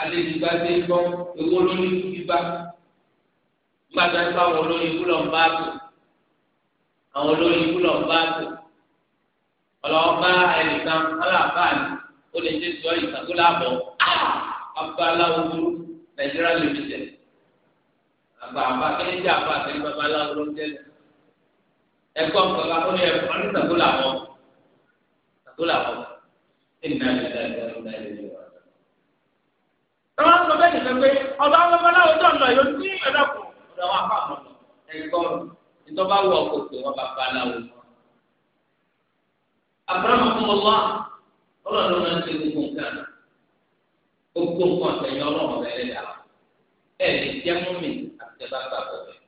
adé ti gbà dé gbọ́ ewu olórí ikú ti gbà. gbàgbà ń bá àwọn olórí ikú lọ bá tó àwọn olórí ikú lọ bá tó ọlọ́wọ́ bá ẹnìkan ọlọ́wọ́ bá ó lè ṣe sọ ìtàkùn láàbọ̀ abáláwo burúkú nàìjíríà limited àbá àbá kíni jẹ àbá àti babaláwo ló ń tẹlẹ ẹkọ nǹkan kan lórí ẹkọ ní sàkó làwọn sàkó làwọn ẹni náà lè dáa ìdájọ náà lè lè wà. Tọ́wọ́n sọ bẹ́ẹ̀ nìkan pé ọba babaláwo tó ń lọ yóò ní ìrẹ́lẹ̀ kù ọ̀dọ̀ wọn àpá àmọ́ ẹ̀kọ́ ìtọ́ba wọ ọkọ̀ pé wọ́n babaláwo. Àbúrò àmọ́ fún wọn wá ọlọ́run gbogbo nǹkan àtẹ̀yìn ọlọ́run ọ̀rẹ́ lẹ́dà ẹ̀ lè jẹ́ múmi àtẹ̀bá gbàgbọ́ rẹ̀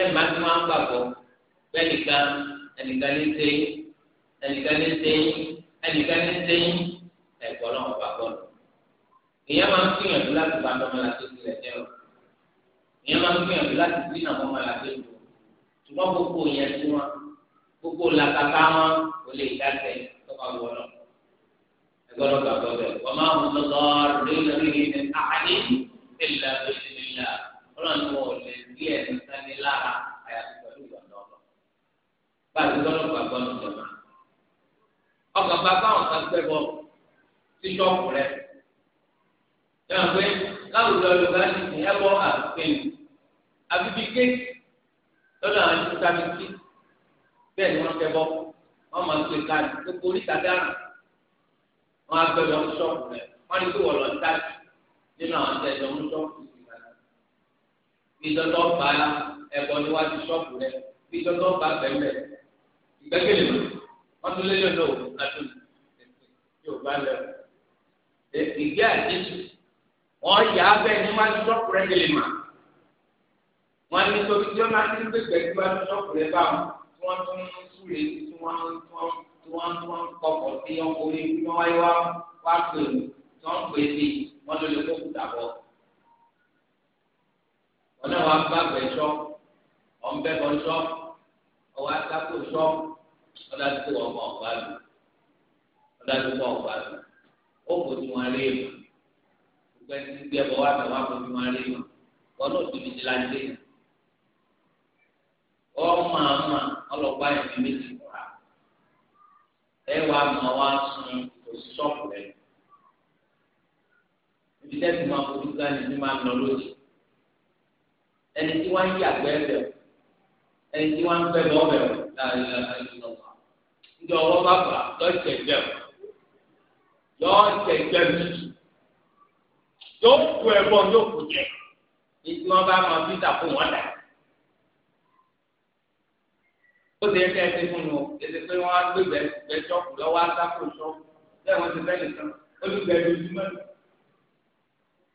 ẹ̀ máa ti máa ń gbàgbọ́ bẹ́ẹ̀nìkan ẹnìkan ní sẹ́yìn ẹnìkan ní sẹ́yìn ẹnìkan ní sẹ́yìn ẹ̀kọ́ náà ọ̀bà bọ́ọ̀lù èèyàn máa ń gbìyànjú láti bá ọmọlàkejì rẹ̀ jẹ́ o èèyàn máa ń gbìyànjú láti bí náà ọmọlàkejì o ṣùgbọ́n gbogbo ìyẹn tí wọn gbogbo làkàkà wọn kò lè dá sẹ́yìn tó bá wọ náà ẹgbọ́dọ̀ gbàgbọ́ bẹ̀ wọ́n máa mú lọ́dọ̀ lórí ní àkàdé ìlà ìlà ọlọ́run wọn ò lè rí ẹ̀mí sani lára àyàfi pẹ̀lú ìyọ̀nà ọ̀nà báyìí gbọ́dọ̀ gbàgbọ́ ní ìjọba ọkọ̀ bàbá àwọn kan gbẹ bọ sí ṣọ́ọ̀kù rẹ̀ yàrá pé láwùjọ yorùbá ti ní ẹbọ àgbẹ̀yìn àbíbí kéèkì lọ́dọ̀ àwọn ẹni tó tábìlì bẹ́ẹ̀ ni wọ́n fẹ́ bọ́ wọ́n máa ń pè káàdì gbogbo oríta wọn á gbẹdọ mú ṣọ́ọ̀bù rẹ wọn ní kí wọn lọ dájú nínú àwọn tẹjọ mú ṣọ́ọ̀bù sí ìgbà náà ìjọtọ bá ẹbọ níwájú ṣọ́ọ̀bù rẹ ìjọtọ bá bẹ̀rẹ̀ ìgbẹ́kẹ̀lé mọ wọn tún léyìn lọ àtún yóò bá lẹ ìgbé àdéjù wọn yà á bẹ níwájú ṣọ́ọ̀bù rẹ kẹlẹ mọ wọn ní torí tí wọn máa ń gbẹgbẹ níwájú ṣọ́ọ̀bù rẹ báwọn tí wọn tún ń súre tí wọn ń tún wọn wọn kọkọ sí ọkọ orí ibi wọn wáyé wá wá pè ó tí wọn pè sí wọn ló lè kó kúta bọ. wọn náà wá bá bẹ sọ wọn bẹ bọ sọ ọwọ́ atakò sọ ọdọ àti ọmọ ọgbà lù ọdọ àti ọmọ ọgbà lù ó kò tí wọn rí èèmọ gbogbo ẹni tí gbẹ bọ wá bẹ wá kò tí wọn rí èèmọ wọn náà tó ti di la dé ọmọ àmà ọlọ́pàá ẹni méjì kọ ẹ wà máa wá sun òṣìṣọ́ pẹ̀lú ibi tẹ́sí máa fojú gánà ní máa nọ lójì ẹni tí wọ́n ń yí àgbẹ̀ bẹ̀ ẹni tí wọ́n ń fẹ́ lọ́ bẹ̀ lọ́wọ́ ndé ọwọ́ bá bà lọ́sẹ̀ gbẹ̀ lọ́sẹ̀ gbẹ̀ mi yóò kú ẹ̀ bọ́ yóò kú jẹ ní tí wọ́n bá máa fi dà wọn dà ó ti ẹgbẹ́ ẹgbẹ́ fún mi o ètò pé wọ́n á gbé bẹ́ẹ̀ ṣọ́ọ̀kù lọ́wọ́ á sáfò ṣọ́ọ̀kù bẹ́ẹ̀ wọ́n ti bẹ́ẹ̀ nìkan olùgbẹ́ lójúmọ́ ni.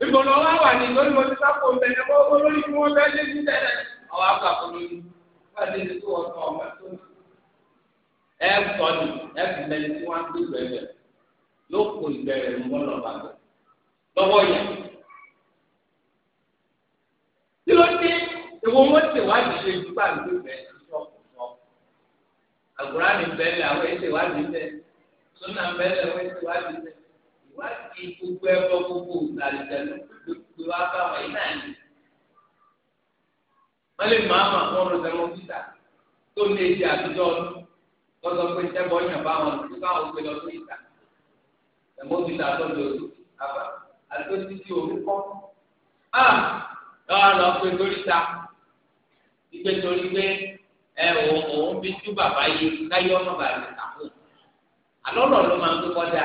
ìbò lọ́wọ́ wà ní lórí mo ti sáfò ń bẹ̀rẹ̀ mọ́ owó lórí fún wọn bẹ́ẹ̀ lé sí tẹ́lẹ̀ ọ̀wá gbà fún mi wáṣẹ ti tó ọ̀sán ọ̀mọ tó ẹ sọ ni ẹ fi mẹ́lẹ̀ tí wọ́n á gbé bẹ̀rẹ̀ ló ìbẹ̀rẹ̀ mọ́ àgùránì bẹ́ẹ̀lẹ̀ àwọn èsì ìwádìí tẹ̀ súnà bẹ́ẹ̀lẹ̀ àwọn èsì ìwádìí tẹ̀ ìwádìí gbogbo ẹ̀kọ́ gbogbo ìtàlìtẹ̀lú gbogbo wa bá wà yín náà ní. wọ́n lè máa ma fún ọ̀rọ̀ sẹ́wọ́n títà tó ní èsì àtijọ́ ọdún lọ́sọ̀ pé tẹ́bọ̀ yàn bá wọn tó káwọn gbé lọ sí ìta ẹ̀mọ́ títà tó lè àbá àti tó ti di orúkọ. a ah! lọ́wọ́ lọ pé torí ta ìgbé torí ẹ wò ó ń bí tú bàbá yìí káyọ ọmọ bàbá rẹ kàkó àlọ́ ọ̀rọ̀ máa ń kókó dá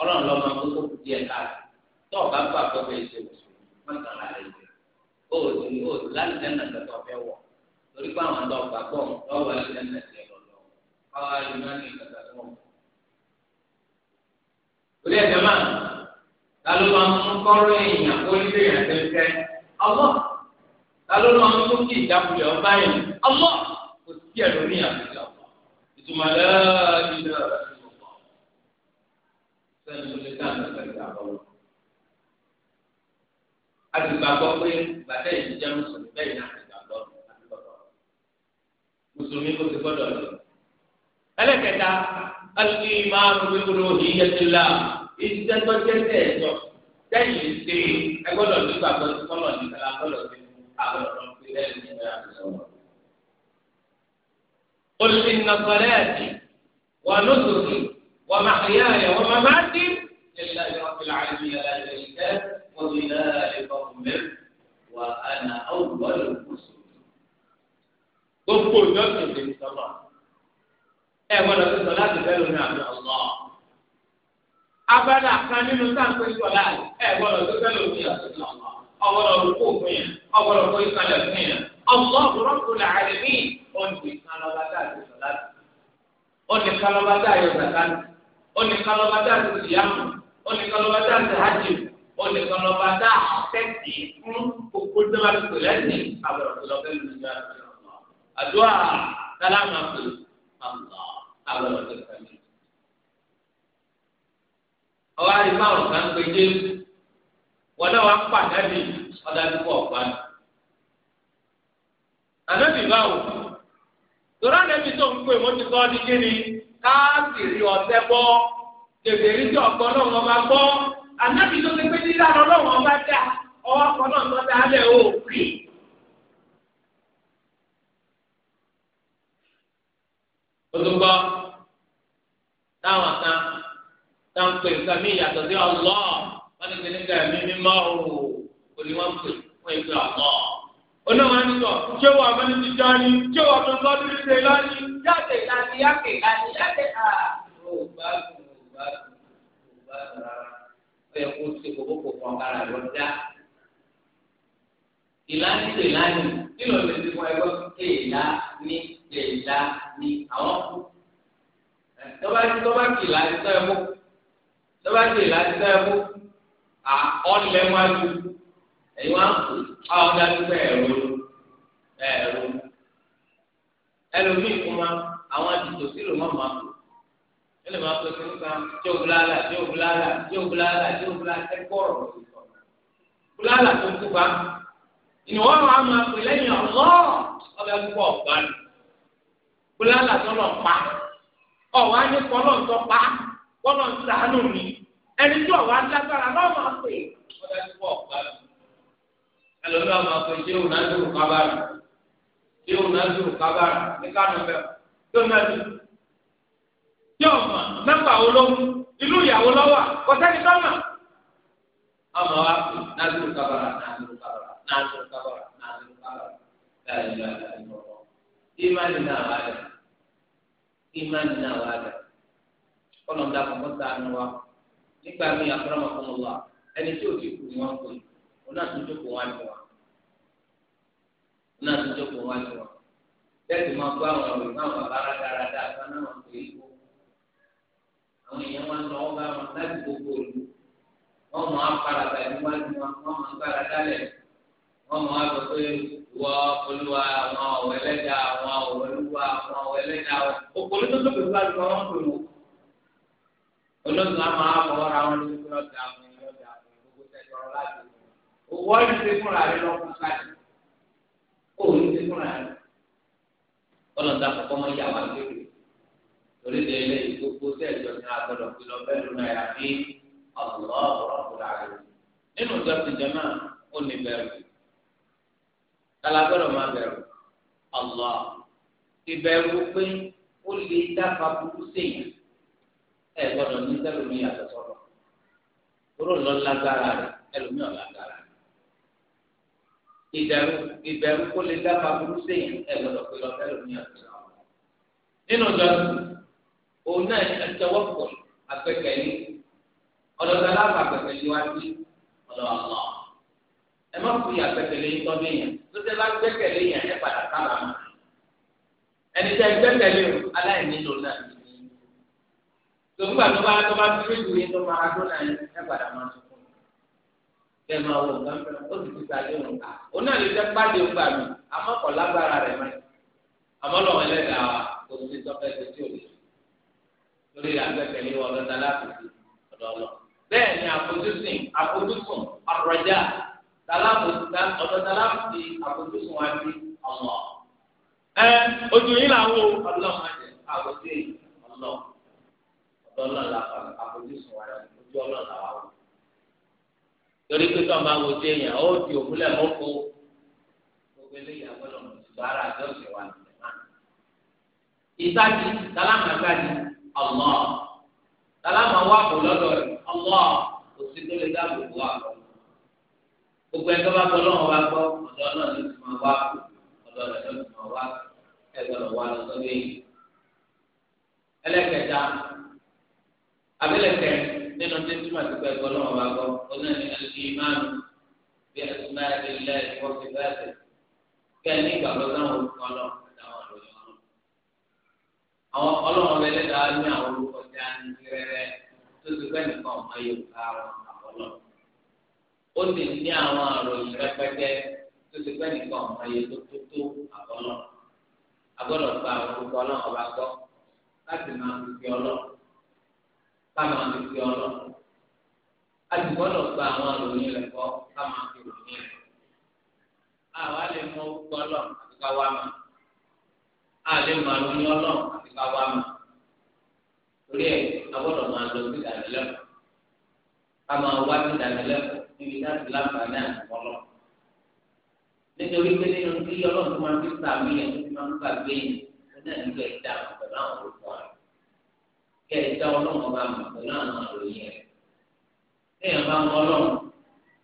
ọlọ́run ló máa ń kókó kú díẹ̀ káàdì tó ọba bá láti dẹ́nà tẹ̀tọ̀ fẹ́ wọ̀ torí pé àwọn ọ̀dọ́ ọ̀gbà pọ̀ lọ́wọ́ dẹ́nà tẹ̀ lọ́lọ́ lálọ́ náà wọn tó kí ìjákulẹ̀ ọba yẹn ọmọ kò sí ẹ̀rọ ní àbíjà ọmọ ìtumọ̀ lẹ́yìn ọmọ sẹ́ni tó lè dá àgbàgbà ìgbà àbọ̀wọ̀. a ti gbàgbọ́ pé bàtà yìí jẹ́ mùsùlùmí bẹ́ẹ̀ ni a ti gbàgbọ́ mùsùlùmí kò ti gbọ́dọ̀ lọ. ẹlẹ́kẹta alùpùpù ìmáàmù bí wọ́n lò ní ìyẹ́tìlá ìṣẹ́tọ́jẹ́tẹ̀ ẹ̀jọ̀ sẹ́yìn ṣe قل إن صلاتي ونسكي ومحياي ومماتي لله رب العالمين لا شريك له وبذلك أمر وأنا أول المسلمين. قل قل نسكي إن شاء الله. نعم الله. أبدا كان من صلاة الصلاة. إيه ولا نعم الله. ọgbọ́dọ̀ rúkú fún yẹn ọgbọ́dọ̀ kó ìkàlẹ̀ fún yẹn ọgbọ́n rọ́pò làárẹ̀ mí ọ̀nì kalọ́bàtà àti sọ̀lá ọ̀nì kalọ́bàtà ayọ̀ zàkà ọ̀nì kalọ́bàtà àti sìyàmù ọ̀nì kalọ́bàtà àti hajj ọ̀nì kalọ́bàtà àtẹ̀tì fún gbogbo dábàá tó lẹ́sìn àbọ̀rọ̀ tó lọ́kẹ́ lónìí ní àdúrà sálámà pé àbọ̀rọ̀ tó lọ́kẹ́ lónìí. ọwọ́ àdìpá ọ̀gá ń pe jésù. wọn náà kpa ń pa ànábì ọ̀dàdúgbò ọ̀gbà ni. ànábì báwo tòrọ ànábì tó ń pè wọ́n ti ni. ní kíni káàkiri ọ̀sẹ̀ bọ́ tètèrè tí náà wọ́n gbọ́ ànábì tó ti pé wọn bá dà náà tó ó olùkọ́ táwọn kan táwọn pè wọn ní pé nígbà mí mímọ́ o kò ní wọn pè fún ìpè àmọ́ onáwọn ẹni sọ ṣé wàá bẹni ti já ni ṣé wàá bẹni bá dúró ṣe láti. jáde láti yáke láti yáke à. ó bá dùn ó bá dùn ó bá dùn rárá ó kó ṣe kókó kó kàn kára lọ dá. ìlànà ìlànà nílò lè ti fún ẹgbẹ́ kéèlá ní kéèlá ní àwọn kú. tọ́ba tọ́ba kìlá ti tọ́ mú tọ́ba kìlá ti tọ́ mú ọlẹ wájú ẹyin wá àwọn ọdún adúgbò ẹrú ẹrú ẹlòmíì kúmá àwọn àdìsò sílò wọn máa kú ẹlòmíì máa pèsè nípa tí o bulala tí o bulala tí o bulala tí o bulala ẹ gbọrọ bulala tó kú bá ìnáwó àwọn àmà pè lẹ́yìn ọlọ ọbẹ púpọ̀ ọgbà ni bulala tó lọ pa ọwọ anyi kọlọ ń tọ pa kọlọ ń sànù mi ẹni tí ọ̀wá lágbára bá máa pè é. wọ́n dájú pọ̀ gbàdúrà ẹlòmíì ọmọ pé jẹ́wò náà dùn kábàárà jẹ́wò náà dùn kábàárà ní kánú bẹ́ẹ̀ tó náà dùn. tí ọmọ nọ́mbà wo ló ń ìlú ìyàwó lọ́wọ́ kọ́sẹ́ni kọ́mà. ọmọ wa pè náà dùn kábàárà náà dùn kábàárà náà dùn kábàárà náà dùn kábàárà láì lọ àlàyé ọ̀rọ̀ ìmánì náà wà dà ìmánì náà wà dà kọ́nọ̀ ń dà kọ́kọ́ sáà nù wa nígbà míì akọ́nàmọ́kọ́nọ́wà ẹni tí ò ti kú ni wọ́n kú ni wọn náà tún jókòó wá ní wọn wọn náà tún jókòó wá ní wọn bẹ́ẹ̀ni máa gbọ́ àwọn ọ̀rọ̀ náà wọn bá rádaràdà àbáná wọn pè é kó àwọn èèyàn wọn lọ wọn bá wọn láti gbogbo òlu wọn mọ àpàràbà níwájú wọn wọn mọ agbára dálẹ̀ wọn mọ àgbà pé wọ olúwa àwọn ọ̀wẹ́lẹ́dà àwọn ọ̀wẹ́lúwa àwọn ọ̀wẹ́lẹ́dà òkòlótó tó fi wá lọ wọn pè wọn olóòtú àmọ́ àfọwọ́ ra wọn ní kí lọ́ọ̀dà àwọn ènìyàn lọ́ọ̀dà àwọn ènìyàn gbogbo tẹ̀sí ọ̀rọ̀ láti wọ́n wọ́n ní sẹ́kúnra rẹ lọ́kùn káàdì kó o ní sẹ́kúnra rẹ ọlọ́dà kọ́kọ́ mọ́ ìyá wa lórí torí de ilé ìgbókó tẹ̀sí ọ̀sán àgbọ̀dọ̀ fi lọ bẹ́ẹ̀ lónà yà fi ọ̀pọ̀lọpọ̀ ọ̀pọ̀lọpọ̀ nínú ìjọsìn jẹ́mà ó ní bẹ̀rù alágbọ́dọ̀ ẹ gbọ́dọ̀ ní sẹlómi yàtọ̀ sọlọ kúrò lọ lágbára rẹ ẹlòmí ọ lágbára rẹ ìbẹ̀rù ìbẹ̀rù kó lè dábàá burú sẹ́yìn ẹ gbọ́dọ̀ pé lọ sẹlómi yàtọ̀ sọlọ nínú ìjọ òun náà ẹtẹwọ pọ agbẹ́kẹ̀lé ọlọsẹ aláàbà agbẹ́kẹ̀lé wa sí ọlọlọ ẹ má fi agbẹ́kẹ̀lé yín tọ́jú yẹn tó tẹ bá gbẹ́kẹ̀lé yẹn ẹ padà sábà mọ ẹni tẹ gbẹ́kẹ̀lé aláìní lò náà tòmùgbà tó bá tó bá dúró ju yẹn tó máa dún náà ẹ padà máa tó fún un bẹ́ẹ̀ máa wọ nǹkan fẹ ó sì ti ta ilé wọn ká ó náà lè jẹ pàdé ògbà mi àmọ́ kọ lágbára rẹ mọ àmọ́ lọ́wọ́ ẹlẹ́dàá kò sí tọpẹ tó tí ò lè lórí àgbẹkẹ ní wọn lọta láàbùkù ọdọọlọ bẹ́ẹ̀ ni àfojúsùn àfojúsùn ọrọjà tàlàbùkà ọdọtàlàbùkì àfojúsùn wa bí ọmọ ẹ ojú yìí làwọn ọlọ́mọdé àwòdì ọlọ́mọ. tọ́lọ̀ la àfojúsùn wa ojú ọlọ́ la wò. torí pé tó máa wo dé ó di òkúlẹ̀ mọ́kó gbogbo eléyìí agbọ́dọ̀ mùsùlùmí àti ọ̀sẹ̀ wa nìyẹn náà. ìsájì sálámà sájì ọ̀lọ́ sálámà wà kó lọ́dọ̀ rẹ̀ abilẹ̀kẹ̀ nínú tí túmọ̀ sí pé ẹgbẹ́ ọlọ́wọ́ bá gbọ́ ọdún ní alìmánu bí ẹ̀sùnmá ilẹ̀ ìwọ́sí bẹ́ẹ̀ kẹ́ ní ìgbàgbọ́ sáwọn orúkọ ọlọ́wọ́ àtàwọn àròyìn ọlọ́wọ́. àwọn ọlọ́wọ́ bẹ lẹ́dàá ní àwọn orúkọ tí a ń rẹ́rẹ́ tó ti pẹ́ nìkan ọmọ yorùbá wọn àbọ̀lọ́. ó sì ní àwọn àròyìn rẹpẹtẹ tó ti pẹ́ nìkan ọmọ yorùbá tó tó àbọ̀lọ́. agbọ́dọ̀ gba orúkọ ọlọ́wọ́ bá gbọ́ láti máa fi ọlọ́wọ́ káma fi fi ọlọ àtìgbọ́dọ̀ gba àwọn àròyìn rẹ̀ kọ́ káma fi ròyìn rẹ̀ àwa lè mọ orúkọ ọlọ àti ká wá mà á lè mọ àròyìn ọlọ àti ká wá mà torí ẹ agbọ́dọ̀ máa lọ sí ìdánilẹ́kọ̀ọ́ káma wá sí ìdánilẹ́kọ̀ọ́ níbi láti láǹfààní àtìmọ́lọ nítorí pé nínú tí ọlọ́run máa ń fi sàmì ẹ̀ tó máa ń gbàgbé yìí ó náà nígbà ìdáhùn pẹ̀lú àwọn olùkọ́ rẹ̀ kẹ́ ẹ dá ọlọ́run bá mọ̀ pẹ̀lú àwọn àròyìn rẹ̀. Téèyàn bá mọ ọlọ́run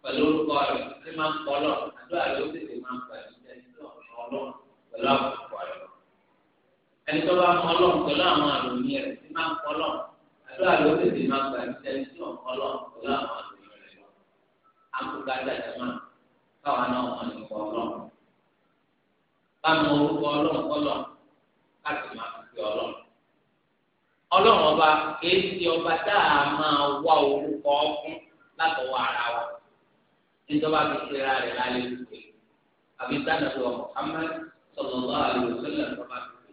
pẹ̀lú orúkọ rẹ̀ tí máa ń kọ́ lọ àdúrà rẹ̀ ó tètè máa ń pẹ̀lú ọlọ́run pẹ̀lú àkókò rẹ̀. Ẹni tó bá mọ ọlọ́run pẹ̀lú àwọn àròyìn rẹ̀ tí máa ń kọ́ lọ àdúrà rẹ̀ ó tètè máa ń pẹ̀lú ọlọ́run pẹ̀lú àwọn àròyìn rẹ̀ ọlọ́run ọba kìí ṣe ọba tá a máa wá orúkọ ọkún látọwọ́ ara wa níjọba ti ṣera rẹ̀ lálẹ́ ìpè àbí sádàtú Muhammad sallallahu alaihi wasallam ọba ti pè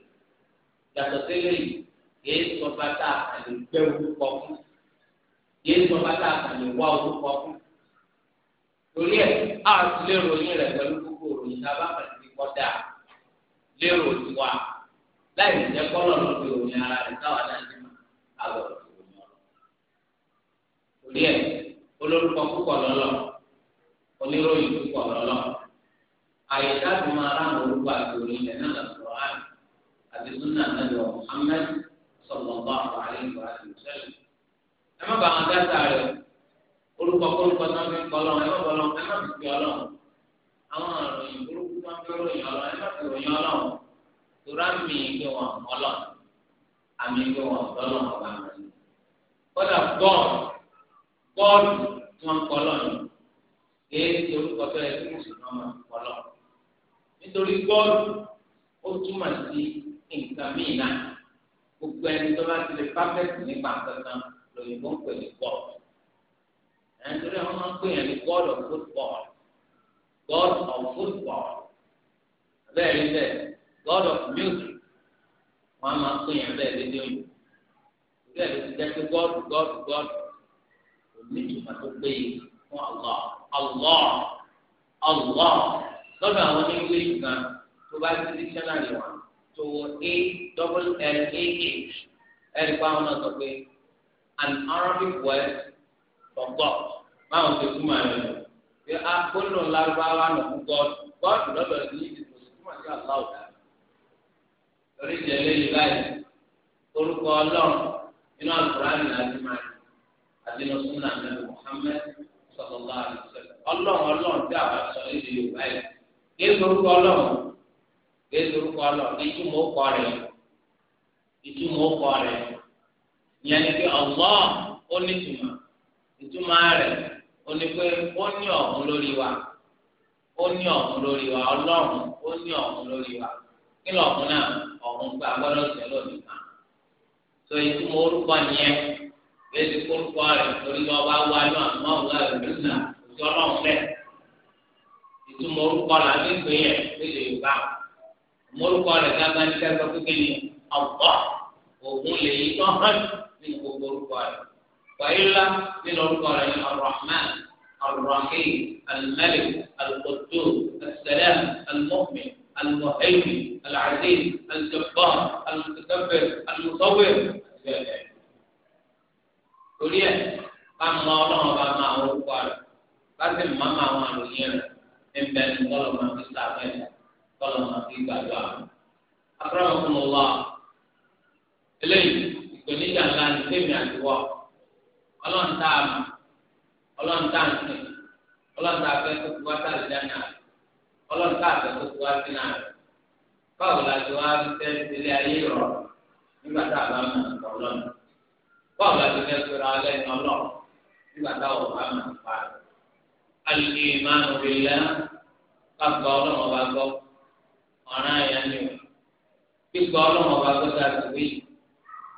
yàtọ̀ sílẹ̀ yìí kìí ṣe ọba tá a kàn lè gbẹ́ orúkọ ọkún kìí ṣe ọba tá a kàn wá orúkọ ọkún torí ẹ̀ á ti lè ròyìn rẹ̀ pẹ̀lú gbogbo òròyìn tá a bá pẹ̀lú kíkọ́ dáa lérò tiwa láì jẹ́ kọ́lọ̀ lọ́dún òní ara rẹ̀ táwọn náà àgbọ̀dọ̀ tó wọ́n lọ. Torí ẹ̀ olórúkọ púpọ̀ lọ́lọ́ oníròyìn púpọ̀ lọ́lọ́ àyíká tó máa rán orúkọ àti orin ilẹ̀ náà lọ́sọ̀rọ̀ àná àti súnà nàbẹ̀ Muhammad sallallahu alaihi wa sallam. ẹ má bàa dáta rẹ̀ orúkọ kórúkọ tó ń fi kọ́ ẹ má bọ̀ ẹ má fi fi àwọn àròyìn burúkú tó ń fi ròyìn ẹ má fi ròyìn ọlọ́wọ́ tó rá mi ìgbé wọn àmì pé wọn lọ́nà ọ̀gá mi. kódà bọ́ọ̀lù bọ́ọ̀lù tí wọ́n ń kọ́ lọ́nà kìí ṣe orúkọ tó yẹ kí mùsùlùmí máa ń kọ́ lọ́nà. nítorí bọ́ọ̀lù ó túmọ̀ sí nǹkan míì náà gbogbo ẹni tó bá ti lè pápẹ́tì nípa kankan lòyìnbó ń pè ní bọ́ọ̀lù. ẹni tó máa ń pè yẹn ní god of football god of football bẹ́ẹ̀ ni bẹ́ẹ̀ god of music wọn a máa pè yàn bẹ́ẹ̀ lédè òyìnbó bẹ́ẹ̀ ló ti jẹ́ pé gọ́ọ̀dù gọ́ọ̀dù gọ́ọ̀dù onítùmọ̀ tó péye fún ọlọ́ ọlọ́ ọlọ́ lọ́dọ̀ àwọn onígbèsì kan tó bá ti dísẹ́nàlì wọn tó wọ a double l a h ẹ̀rí pa àwọn náà sọ pé an Arabic word for God báwọn ti túmọ̀ rẹ̀ lọ bí a kó lò ah, lárúbáwá nà fún God God lọ́dọ̀ ní ìdìbò tó túmọ̀ sí àlá ọ̀dà torí ìdí ẹlẹ́yìn báyìí orúkọ ọlọ́run inú àlùkùránì láti máa yẹ àdínú súnà nàbì Muhammad sọlọ́lá àdìsẹ́lẹ̀ ọlọ́run ọlọ́run tí àwọn sọ lédè Yorùbá yìí kéé torúkọ ọlọ́run kéé torúkọ ọlọ́run ìtumọ̀ ọkọ rẹ̀ ìtumọ̀ ọkọ rẹ̀ ìyẹn ni pé ọ̀gbọ́ ó ní ìtumọ̀ ìtumọ̀ rẹ̀ ó ní pé ó ní ọ̀hún lórí wa ó ní ọ̀hún lórí wa ọlọ́run ó ní ọ̀hún lórí wa kí lọ́ọ̀kún náà ọ̀hún gba agbọ́dọ̀ sí lónìí kan tó ìtumọ̀ orúkọ nìyẹn lẹ́sí kórúkọ rẹ̀ torí náà bá wá ní àmọ́ òun láti rí nà òjò ọlọ́run lẹ̀ ìtumọ̀ orúkọ là ní ìpè yẹn lédè Yorùbá ìmọ̀rúkọ rẹ̀ gángan ní kẹ́kọ̀ọ́ kékeré ní ọ̀pọ̀ òun lè yí tán hàn nínú gbogbo orúkọ rẹ̀ wàyílá nínú orúkọ rẹ̀ ní Ar-Rahman Ar-Rahim Al-Malik Al-Qudus As-Salam Al-Mu'min المهيمن العزيز الجبار المتكبر المصور torí ẹ ká mọ ọlọ́run bá máa wọ orúkọ rẹ ká sì má máa wọn àròyìn rẹ ẹnbẹ ní tọ́lọ̀ máa fi sàmẹ́ tọ́lọ̀ máa fi gbàdúrà. akọ́rọ̀ fún mi wá eléyìí ìpèníjà ńlá ní tèmi àti wọ́ ọlọ́run tá a mọ̀ ọlọ́run tá a ń sìn ọlọ́run tá a fẹ́ tó kú wá tá a lè dáná àti ọlọ́run káàfẹ́ tó wá sí náà báwo la ti wá fẹ́ sílé ayé rọ nígbà tá a bá mọ̀ nípa ọlọ́run báwo la ti fẹ́ sọ̀rọ̀ alẹ́ ní ọlọ́run nígbà tá a ò bá mọ̀ nípa rẹ̀ alùpùpù ìmánu rẹ̀ lẹ́ káàpọ̀ ọlọ́run ọba gbọ́ ọ̀ràn àyà ni o gbígbọ́ ọlọ́run ọba gbọ́ tá a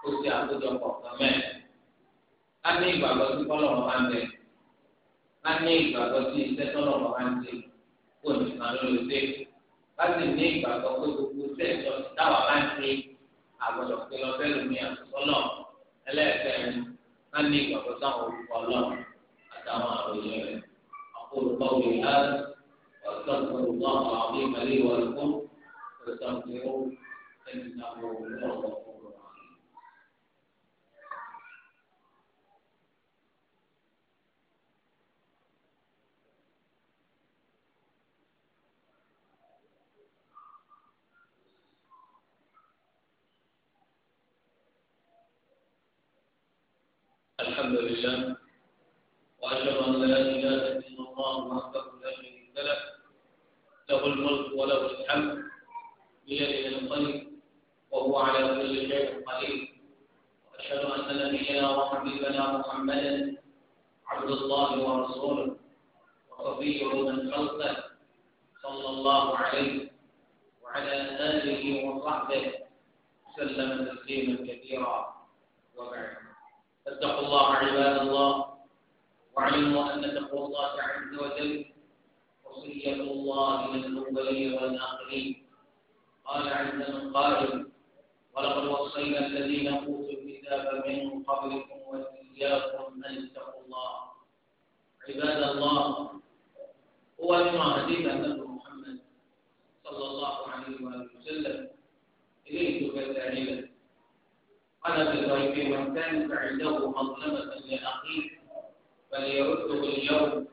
ó ti àkójọpọ̀ kan mẹ́rin a ní ìgbàgbọ́ sí ọlọ́run ọba ń bẹ a ní ìgbàgbọ́ sí iṣẹ́ ọba ń bẹ kó nìkan ló lè dé láti ní ìgbàgbọ́ pé gbogbo sẹ́ẹ̀tọ̀ táwa bá ń ṣe àgbọ̀dọ̀ pé lọ fẹ́ lómi àtọ́lọ̀ ẹlẹ́ẹ̀kẹrin ká ní ìgbàgbọ́ sáwọn olùkọ́ ọlọ́run àtàwọn àròyìn rẹ̀ ọ̀pọ̀lọpọ̀ òye láti وأستغفر الله العظيم لي ولكم فاستغفروه إنه هو الغفور الحمد لله وأشهد أن لا إله إلا الله وحده لا شريك له له الملك وله الحمد بيده الخير وهو على كل شيء قدير وأشهد أن نبينا وحبيبنا محمدا عبد الله ورسوله وصفيه من خلقه صلى الله عليه وعلى آله وصحبه سلم تسليما كثيرا وبعد فاتقوا الله عباد الله واعلموا أن تقوى الله عز وجل وصية الله للأولين والآخرين قال عز من ولقد وصينا الذين أوتوا الكتاب من قبلكم وإياكم أن اتقوا الله عباد الله هو لما حديث النبي محمد صلى الله عليه وآله وسلم إليه تبتعي قال بالغيب من كانت عنده مظلمة لأخيه فليرده اليوم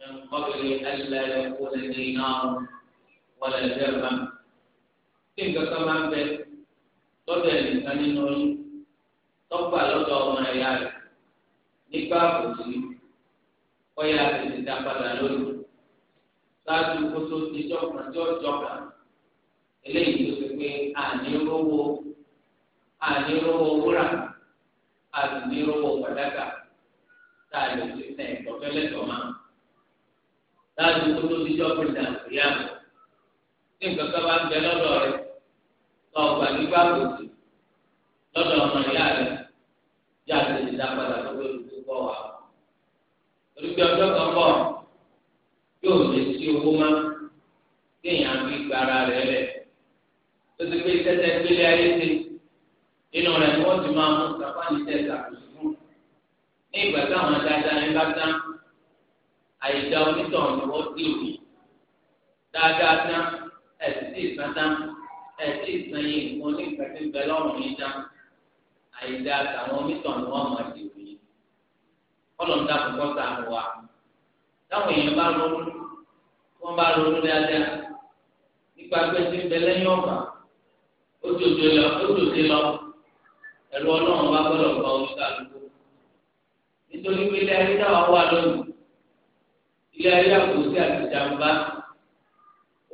من قبل ألا يكون دينار ولا درهم تلك كمان به lọ́dọ̀ ẹnìkan nínú yín tọ́gbà lọ́dọ̀ ọmọ ẹ̀yà rẹ̀ nígbà àbòsí ọ̀yà tètè dá padà lónìí ṣáájú kó tó ti jọ̀kan tí ó jọ̀kan eléyìí tó ti pé àní rówó ànírówó wúrà ànírówó pàdákà tá a lè fi sẹ ìtọ́fẹ́lẹ́tọ̀ máa láti kó tó ti jọ́ pínlẹ̀ àkúyà ní nǹkan kan bá ń bẹ lọ́dọ̀ rẹ lọ́wọ́ gbà nígbà kò lọ́dọ̀ ọmọ ìyá rẹ yá a ti dá padà tó pé kó bọ̀ wá. torí pé ọjọ́ kan bọ̀ yóò lè sí owó má kéèyàn fi gba ara rẹ lẹ̀ nínú rẹ̀ ni wọ́n ti máa mú sàfáàní tẹ̀ ṣàkóso fún ní ìgbà táwọn dáadáa yẹn bá tán àyíká onítọ̀hún ni wọ́n dì òní dáadáa tán ẹ̀sì tí ìsán tán ẹ̀sì ìsán yìí nǹkan ní ìgbà tí ń bẹ lọ́rùn yìí tán àyíká àtàwọn ni wọ́n máa wa táwọn ẹ̀rọ ọlọ́run bá gbọ́dọ̀ gba oníkàlùkù nítorí pé ilé ayé táwa wà lónìí ilé ayé àkòsí àti jàmbá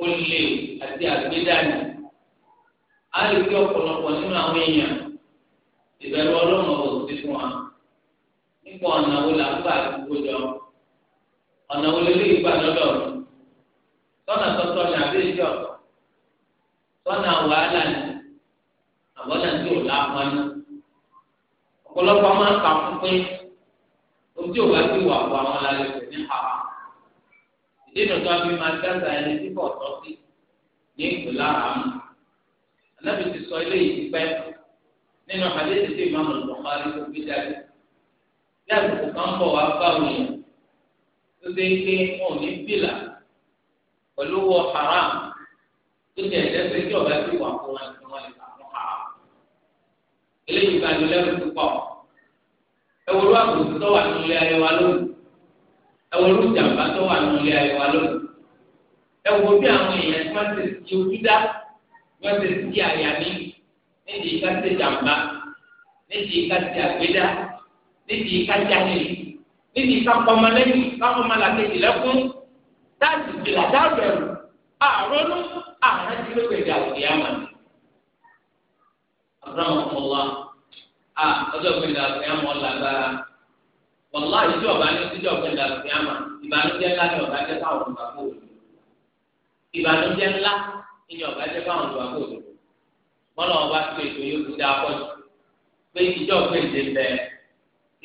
ó lè àti àgbéjáde á lè fi ọ̀pọ̀lọpọ̀ nínú àwọn èèyàn ìbẹ̀rù ọlọ́run ọ̀bọ̀ sí fún wa nípa ọ̀nà wo là ń gbà àdúgbò jọ ọ̀nà wo lélẹ́ ìgbà lọ́dọ̀ tọ́nà tọ́tọ́ ní abẹ́ ìjọ tọ́nà wàhálà ní àbọ̀dà tí ò lápọn náà ọ̀pọ̀lọpọ̀ máa ń kà fún pé ojú ò bá ti wà fún àwọn alẹ́ kò ní hà ìdènà tó a fi máa dáta ẹni tí kò tọ́ sí ní ìpìlá àmú anábì ti sọ ilé yìí pẹ́ nínú àdéhùn tí ìmáàmù Bukhari tó fi jáde ní àsìkò kan bọ̀ wá bá òun tó dé pé wọn ò ní bìlà pẹ̀lú wọ haram tó jẹ́ ẹ̀dẹ́gbẹ́jọba ti wà fún wọn ní wọn eléyìí bá lọ lẹ́rù púpọ̀ ẹwọ́rú àbùkù tó wà nílé ayé wa lónìí ẹwọ́rú ìjàmbá tó wà nílé ayé wa lónìí ẹwọ́ bí àwọn èèyàn tí wọ́n ti ti ojú dá wọ́n ti ti àyà mi nídìí ká ti jàmbá nídìí ká ti àgbédá nídìí ká jáde nídìí ká lẹ́yìn ká làkejì lẹ́kún táàtì jìlá dáàbẹ̀rù àrọ́nú àrẹ́jìlẹ́gbẹ̀dà òdìyàmọ̀ ni rahmatulá a ọjọ́ ìpínlẹ̀ àfihàn ọ̀làgbára wàlá ìjọ ọba ní ìjọ ìpínlẹ̀ àfihàn ìbànújẹ́ ńlá ni ọba jẹ́ fáwọn olùgbà kó òdu ìbànújẹ́ ńlá ni ọba jẹ́ fáwọn olùgbà kó òdu mọ́nà ọba tó ètò yóò fi dá pọ̀ jù pé ìjọ ìpínlẹ̀ bẹ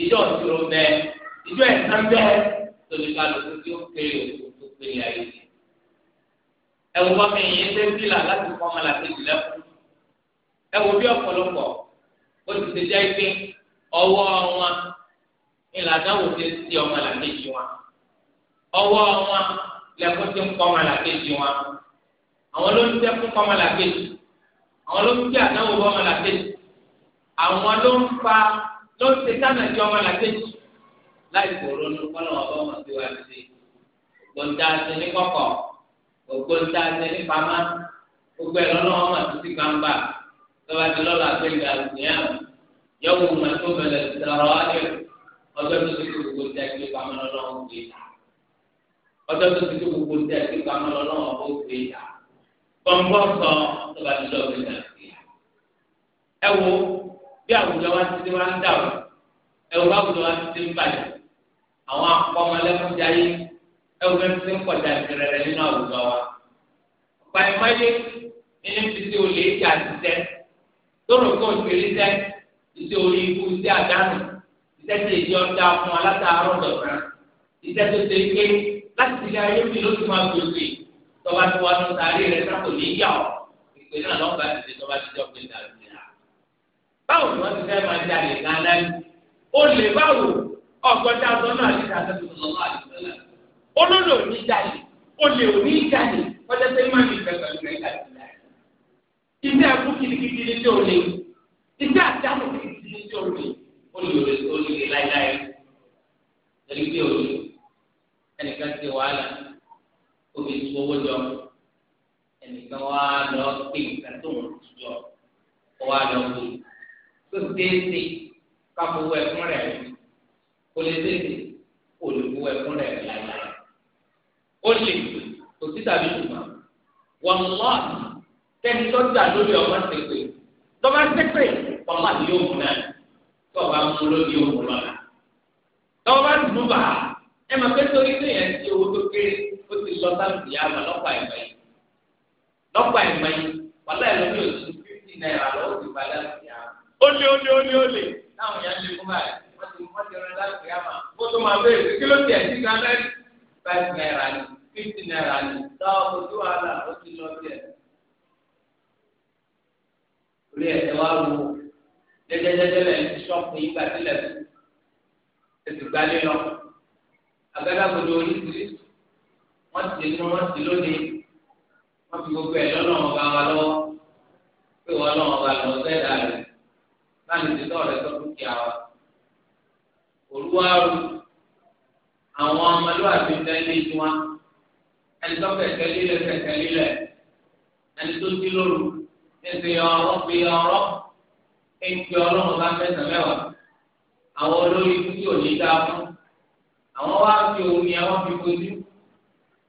ìjọ ìṣòro bẹ ìjọ ẹ̀sán bẹ tòlùkàlùkù tí ó kéré òkú tó kéré ayé ẹ̀wọ̀n mi yìí ń dé bílà láti fọ́ ọmọ làkejì lẹ́kọ̀ọ́ ẹ wo bí ọ̀pọ̀lọpọ̀ ó ti ṣe jẹ́ pé ọwọ́ wọn ìlànà wo ti ti ọmọ làkejì wọn ọwọ́ wọn lẹ́kọ́ ti ń kọ́ ọmọ làkejì wọn àwọn ló ń tẹ́ fún kọ́ ọmọ làkejì àwọn ló ń tẹ́ àdáwò bọ́ ọmọ làkejì àwọn ló ń fa ló ń ṣe sáànà tí ọmọ làkejì láì kóró ní kọ́lọ́wọ́ bọ́ ọmọ tí wàá ti gbọ̀ǹda ti ní kọ́kọ́ gbọ̀ǹda ti ní pamá gbogbo ẹ̀ lọ́nà ọmọ àti gbangba tọ́ba ti lọ́la àgbẹ̀lẹ̀ àlùyàn yọ̀wò máa tó bẹ̀rẹ̀ sọ̀rọ̀ ayọ̀ ọjọ́ tó ti kó gbogbo tẹ̀ kí pamọ́ lọ́wọ́ gbé ta ọjọ́ tó ti kó gbogbo tẹ̀ kí pamọ́ lọ́wọ́ gbé ta pọ̀npọ̀ sọ tọ́ba ti lọ́ọ̀ gbé ta ẹ wo bí àwùjọ wa ti ti wá ń dà o ẹ wo báwùjọ wa ti ti ń bàjẹ́ àwọn akọ́mọlẹ́kùnjẹ ayé ẹ wo bẹ́ẹ̀ ti ń pọ̀jà ìrẹ̀rẹ̀ tóró kó ìpèlè sẹ iṣẹ orí ikú iṣẹ àdánù iṣẹ tó èdè ọdá fún alátàárọ dọgba iṣẹ tó ṣe pé láti ilé ayé mi ló ti máa gbèsè tọba tó wà nù sàárè rẹ sáko lè yà ọ ìpèlè náà lọgbà ti ṣe tọba ti jọ pé dàrú ni à. báwo ni wọn ti fẹ́ máa di àlè kan láyé ó lè báwo ọgbọ́n tá a sọ náà ti sàtẹ́ tó lọ ní jáde olè ò ní jáde wọ́n iṣẹ́ ẹ̀kú kìlìkìlì ní tí o lè iṣẹ́ àdánù kìlìkìlì ní tí o lè o lè o lè lè láíláí torí pé o lè ẹnìkan ti wàhálà o lè tu owó jọ ẹnìkan wà lọ pé nǹkan tó ń tu jọ o wà lọ pé tó déédéé káfọwọ́ ẹ̀kún rẹ̀ o lè déédéé o lè fọwọ́ ẹ̀kún rẹ̀ láíláí o lè kò sí tàbí ṣùgbọ́n wàhálà tẹ́ni tó dà lórí ọmọ ṣèpè tọ́ba ṣèpè ọmọ àti yóò mú náà tọ́ba mú lórí òun lọ́la tọ́ba dùnú bá ẹ máa fẹ́ torí pé yẹn ti owó tó kéré ó ti lọ sáàmì yá ma lọ́pàá ìgbà yìí lọ́pàá ìgbà yìí wàhálà ẹ̀ lómi òtún fífi náírà lọ́wọ́ ti bá láti yá ó lé ó lé ó táwọn yẹn lé fún báyìí wọ́n ti wọ́n ti rẹ láti yá ma kó tó máa bẹ̀rẹ̀ kí ló ti sí gan-an náírà ni fífi náírà ni tọ́wọ́ torí ẹsẹ̀ wa wo dẹdẹdẹdẹ lẹ ní sọpù yìí gbà sílẹ̀ ètò gbalẹ lọ agbẹdàgbọdọ oríṣiríṣi wọn ti nínú wọn ti lónìí wọn fi gbogbo ẹ lọ́nà ọba wa lọ́wọ́ pé wọn lọ́nà ọba lọ sẹdá rẹ láti ti tọrẹ tó dúkìá wa olúwarù àwọn ọmọlúwàbí ń tẹlé ìdúwà ẹni tó fẹsẹ̀ lílẹ̀ fẹsẹ̀ lílẹ̀ ẹni tó ti lóru níbi ọ̀rọ̀ bí ọ̀rọ̀ ẹnjẹ ọlọ́run bá mẹ́sàn mẹ́wàá àwọn olórí ikú tí ò ní dá fún àwọn wá fi omi àwọn fi kojú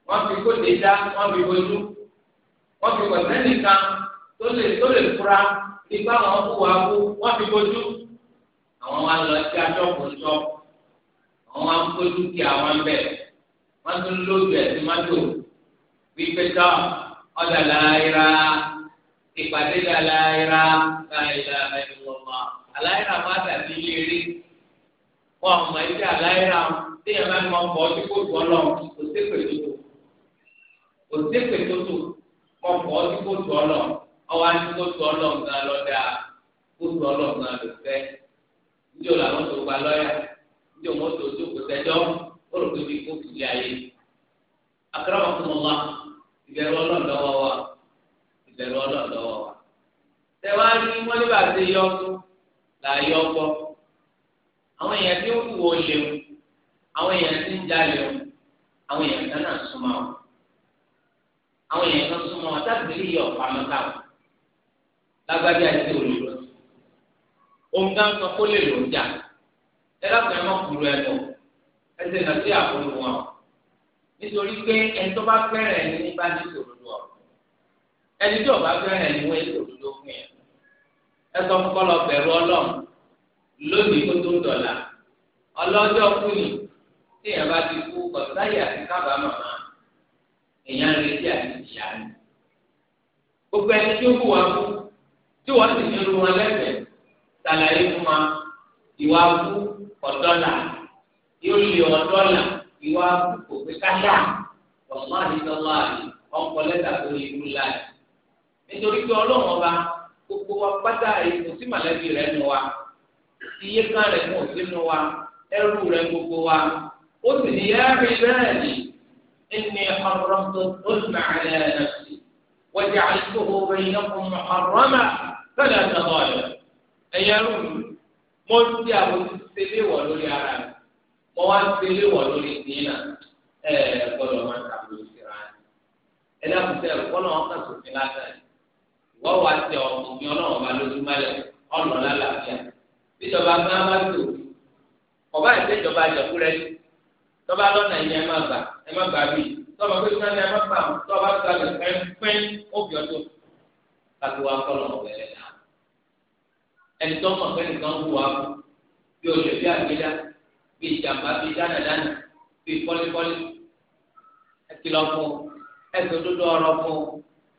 wọn fi kóde dá wọn fi kojú wọn fi kọsẹ nìkan tó lè tó lè fura nípa àwọn kú wa kú wọn fi kojú àwọn wa lọ sí ajọpọ ńjọ àwọn wa ń kojú kí àwọn bẹ wọn tún lójú ẹsìn mọ́tò wípé tán ọjà láyé rárá ìpàdé dà láìra láìra ẹ̀dùnmọ̀ aláìra má dàbí léèrè wọn mọ ẹgbẹ́ aláìra tí ẹ máa ń mọ ọkọ̀ ọdún kò tó ọlọ́ kò sí pètò tó kò sí pètò tó ọkọ̀ ọdún kò tó ọlọ́ ọwọ́ àti kò tó ọlọ́ nǹkan lọ́dà kò tó ọlọ́ nǹkan ló fẹ́ níjọ́ làwọn tó gba lọ́yà níjọ́ wọn tó tó kò tẹ́jọ́ ó rò pé bí kò fi ayé akérè ìbẹ̀rù ọlọ́ọ̀lọ́wọ́ wa. tẹ̀wá ní wọ́n ní bàtẹ́ yọ ọdún là yọ ọgbọ́. àwọn èèyàn tí ó kù wọ́n léwu àwọn èèyàn tí ń jalè o àwọn èèyàn kan náà súnmọ́ ọ. àwọn èèyàn kan súnmọ́ ọ tábìlì yọ pamọ́tà o. lágbájá ti olè lọ. òǹkà ń sọ kó lè lò ó jà. ẹ lọ́kàn ẹ mọ́ kúrú ẹ bọ̀. ẹ sì nà sí àbúrò wọn. nítorí pé ẹni tó bá fẹ́ràn ẹni ní bá ní sòrò lọ ẹni tí ọba fẹ́ràn ẹni wọ́n èso òdodo fún yẹn ẹ sọ fún kọ́ lọ bẹ̀rù ọlọ́run lónìí kó tó ń dọ̀là ọlọ́jọ́ kùnì tí èèyàn bá ti kú kọ̀ọ̀táyì àti kábàá màmá èèyàn retí àti ìyá ni gbogbo ẹni tí ó kú wa kú tí wọ́n sì nínú wọn lẹ́sẹ̀ẹ́ sàlàyé fún wa ìwà kú ọ̀dọ́là yóò lé ọ̀dọ́là ìwà kú kò pé káṣá ọ̀gbọ́n àti sọ́lá àti ọ̀pọ̀ lẹ́tà tó yẹ kú láì nítorí pé ọlọ́run ọba gbogbo wa pátá èkó sí màlẹ́bí rẹ̀ nù wa iye kan rẹ̀ mú sínú wa ẹrú rẹ̀ gbogbo wa ó sì ní yára bẹ́ẹ̀ ni ẹni ọ̀rọ̀ tó tó nà ẹ̀ ẹ̀ wọ́n ti àìsókò bẹ́yìn ọkùnrin ọ̀rọ̀ mà fẹ́lẹ̀ ẹ̀dọ́gbọ̀ rẹ̀ rú mi mo ti àwọn ti ṣe léwọ̀ lórí ara rẹ̀ mo wá ṣe léwọ̀ lórí ìdíyìnà ẹ̀ máa ń tàbí ìṣẹ̀ra ẹ̀ ẹ̀ dákun tẹ̀ ọ̀pọ̀lọ́ ọ̀kan látàrí wọ́n wá tẹ òfin ọlọ́run ọba lójúmọ́lẹ̀ ọ̀nà lálàáfíà ìjọba gbámátò ọba ìṣèjọba jẹkúrẹ́ tọ́ba lọ́nà yìí ẹ má gbà ẹ má gbà bíi tọ́ba pé sọ́nà ẹ má gbà tọ́ba gbalẹ̀ pẹ́ńpẹ́ń óbì ọ̀tọ̀ kátó wa kọ́ lọ́nà ọ̀bẹ̀rẹ̀ náà ẹni tó mọ̀ pé nìkan wù wá bí olè bí àgbélá bí ìjàmbá bí dánadáná bí pọ́lípọ́lí ẹ kìlọ̀ fún ẹ sọ dúdú ọ̀rọ̀ fún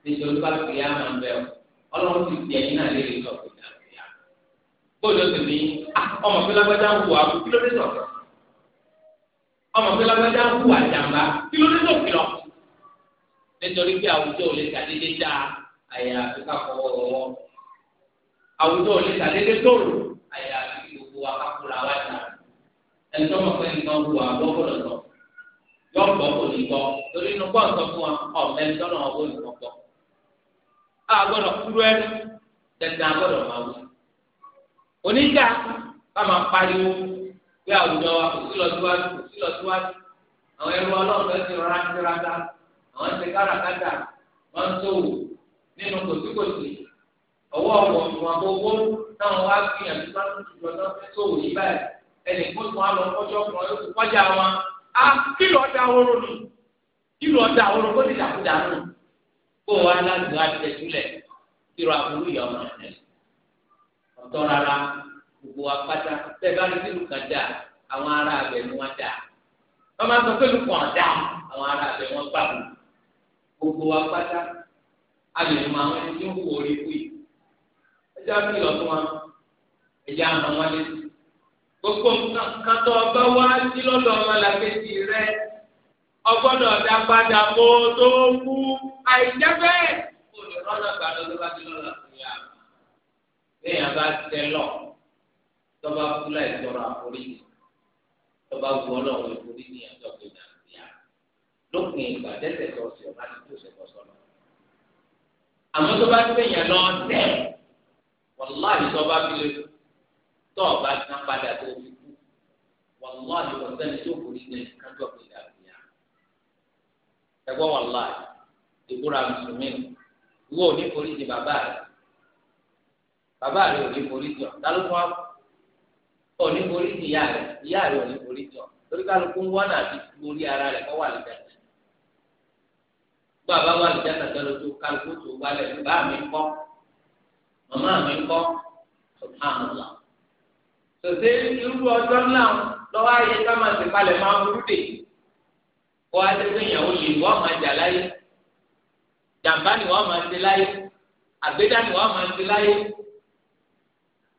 níṣẹ́ olúwa fi yá máa ń bẹ̀ ọ́ ọlọ́run ti di ẹ̀yin náà lè rí sọ̀rọ̀ ìjà fi yá. bóyá ti ní ah, ọmọ fi lágbájá ń wù àbú kí ló dé sọ̀rọ̀ ọmọ fi lágbájá ń wù àjàmbá kí ló dé sọ̀rọ̀ nítorí pé àwùjọ ò lè ṣàdédé dá àyà àfikà fọwọ́ rọwọ́ àwùjọ ò lè ṣàdédé tóòrò àyà àfikà gbogbo akápòlà wá dà ẹni tó mọ̀ pé nǹkan wù àbọ̀ gbọ́dọ̀ lọ yọ̀ọ̀bọ̀ kò ní gbọ́ torí inú pọ́ǹsọ̀ fún wa ọ̀mẹ́ńtọ́nà ọ̀gbọ́n ìgbọ̀ngbọ̀n a gbọ́dọ̀ kúrú ẹnu dandan a gbọ́dọ̀ máa wù oníjà ká máa pariwo bí àwùjọ wa kò sí lọsíwájú kò sí lọsíwájú àwọn ẹrú ọlọ́ọ̀dọ́ ti rọra ti rada àwọn ti kárakáta wọn tó wò nínú kòsíkòsí ọwọ́ ọ̀wọ́ ìwọ̀n gbogbo táwọn wá gbìyànjú bá tó ti lọ́dọ́ fẹ́ tó wò yí báyìí ẹnì kó tó wá lọ kọjọ́ kan yóò kọjá wọn á ah, kí lọ́ọ́ da oró ni kí lọ́ọ́ da oró kó kó wa láti wá tẹ̀sílẹ̀ kíro àbúrú yọ ọmọ rẹ ọ̀tọ̀ rárá gbogbo wa pátá tẹ̀ bá rí sílùú kan dáa àwọn ará abẹ ni wọ́n dáa wọ́n máa sọ pé lùkọ̀ ọ̀dà àwọn ará abẹ wọn gbàgbọ́ gbogbo wa pátá abẹnú àwọn ẹni tí ń kú orí kú yìí ẹjẹ àti ìlọsùn wa ẹjẹ àmọ́ wọn lé gbogbo nǹkan tó ọba wá sí lọ́dọ̀ ọmọ làkejì rẹ ọgbọ́dọ̀ dá padà kó tó kú àìjẹ́ bẹ́ẹ̀ olùrọ́nà gbàdọ̀ ló bá ti lọ́la fún yà á. Béèyàn bá tẹ lọ tọ́ba kú láì tọrọ àforíjì tọ́ba wù ọ́ náà wọ́n ìforí ní ẹjọ́ pé nà ń yà á. Lópin ìgbà tẹ́tẹ̀ tó ṣe ọ̀la ti tó ṣe kọ́ sọ́nà. Àmọ́ tó bá gbẹ̀yàn lọ tẹ̀ wàláhì tọ́ba fi lè tọ́ọ̀ba tó fi kú wàláhì ọ̀sẹ́ni tó kò ní ẹ̀ kájọ́ ẹgbọ́n wọn là ìbúra mùsùlùmí ìwọ ò ní forí di bàbá rẹ bàbá rẹ ò ní forí jọ kálukú ò ní forí di ìyá rẹ ìyá rẹ ò ní forí jọ torí kálukú ń wọ́n náà ti borí ara rẹ kọ́ wà lẹ́jẹ̀ bàbá wà lẹ́jẹ̀ tàbí lójú kálukú tó wálẹ̀ bàbá mi kọ́ màmá mi kọ́ sọ̀tàmùlà tòṣe irú ọjọ́ náà lọ́wọ́ ayé ká máa ṣèpalẹ̀ máa burú dè kó wá dé pé ìyàwó lè wọ́n máa jà láyé jàǹbá ni wọ́n máa ti láyé àgbéjà ni wọ́n máa ti láyé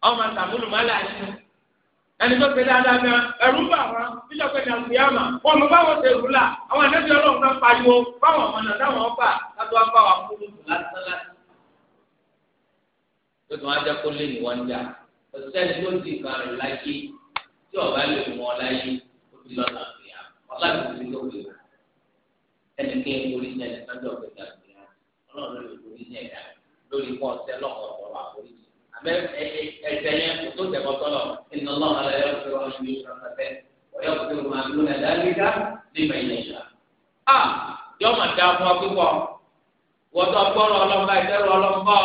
wọ́n máa tàmúlù má láyé ẹni tó ṣe dáadáa náà ẹrú bà wọn níjọ pé nàá fi àmà wọn mọ báwọn ṣe rú là àwọn ẹlẹ́bí ọlọ́run kan pariwo báwọn ọmọ náà táwọn ọba látọ́ wá bá wa kú lùdù lásán tó tún wá jẹ́ kó lé ní wọ́n ń jà òṣìṣẹ́ni tó di ìkan láyé tí ọ̀bá lè mú láyé ó ti lọ́nà ẹni kí orí ní ẹni lọ́jọ́ gbẹ̀dà gbẹ̀dà ọlọ́run lè orí ní ẹ̀dá lórí kọ́ ọ̀sẹ̀ lọ́kọ̀ ọ̀rọ̀ àforí. àbẹ́ ẹ̀jẹ̀ yẹn kò tó tẹ̀ bọ́tọ́lọ̀ iná lọ́run alẹ́ yọ fẹ́ wọn ní ìrọ̀lẹ́ ọ̀yọ́ fẹ́ wọn àbí wọn ẹ̀dá gíga nígbà ilẹ̀ ìṣá. a yọ mà dá fún ọ púpọ̀ wọ́tọ̀ gbọ́rọ̀ ọlọ́mọba ìtẹ́rù ọlọ́mọba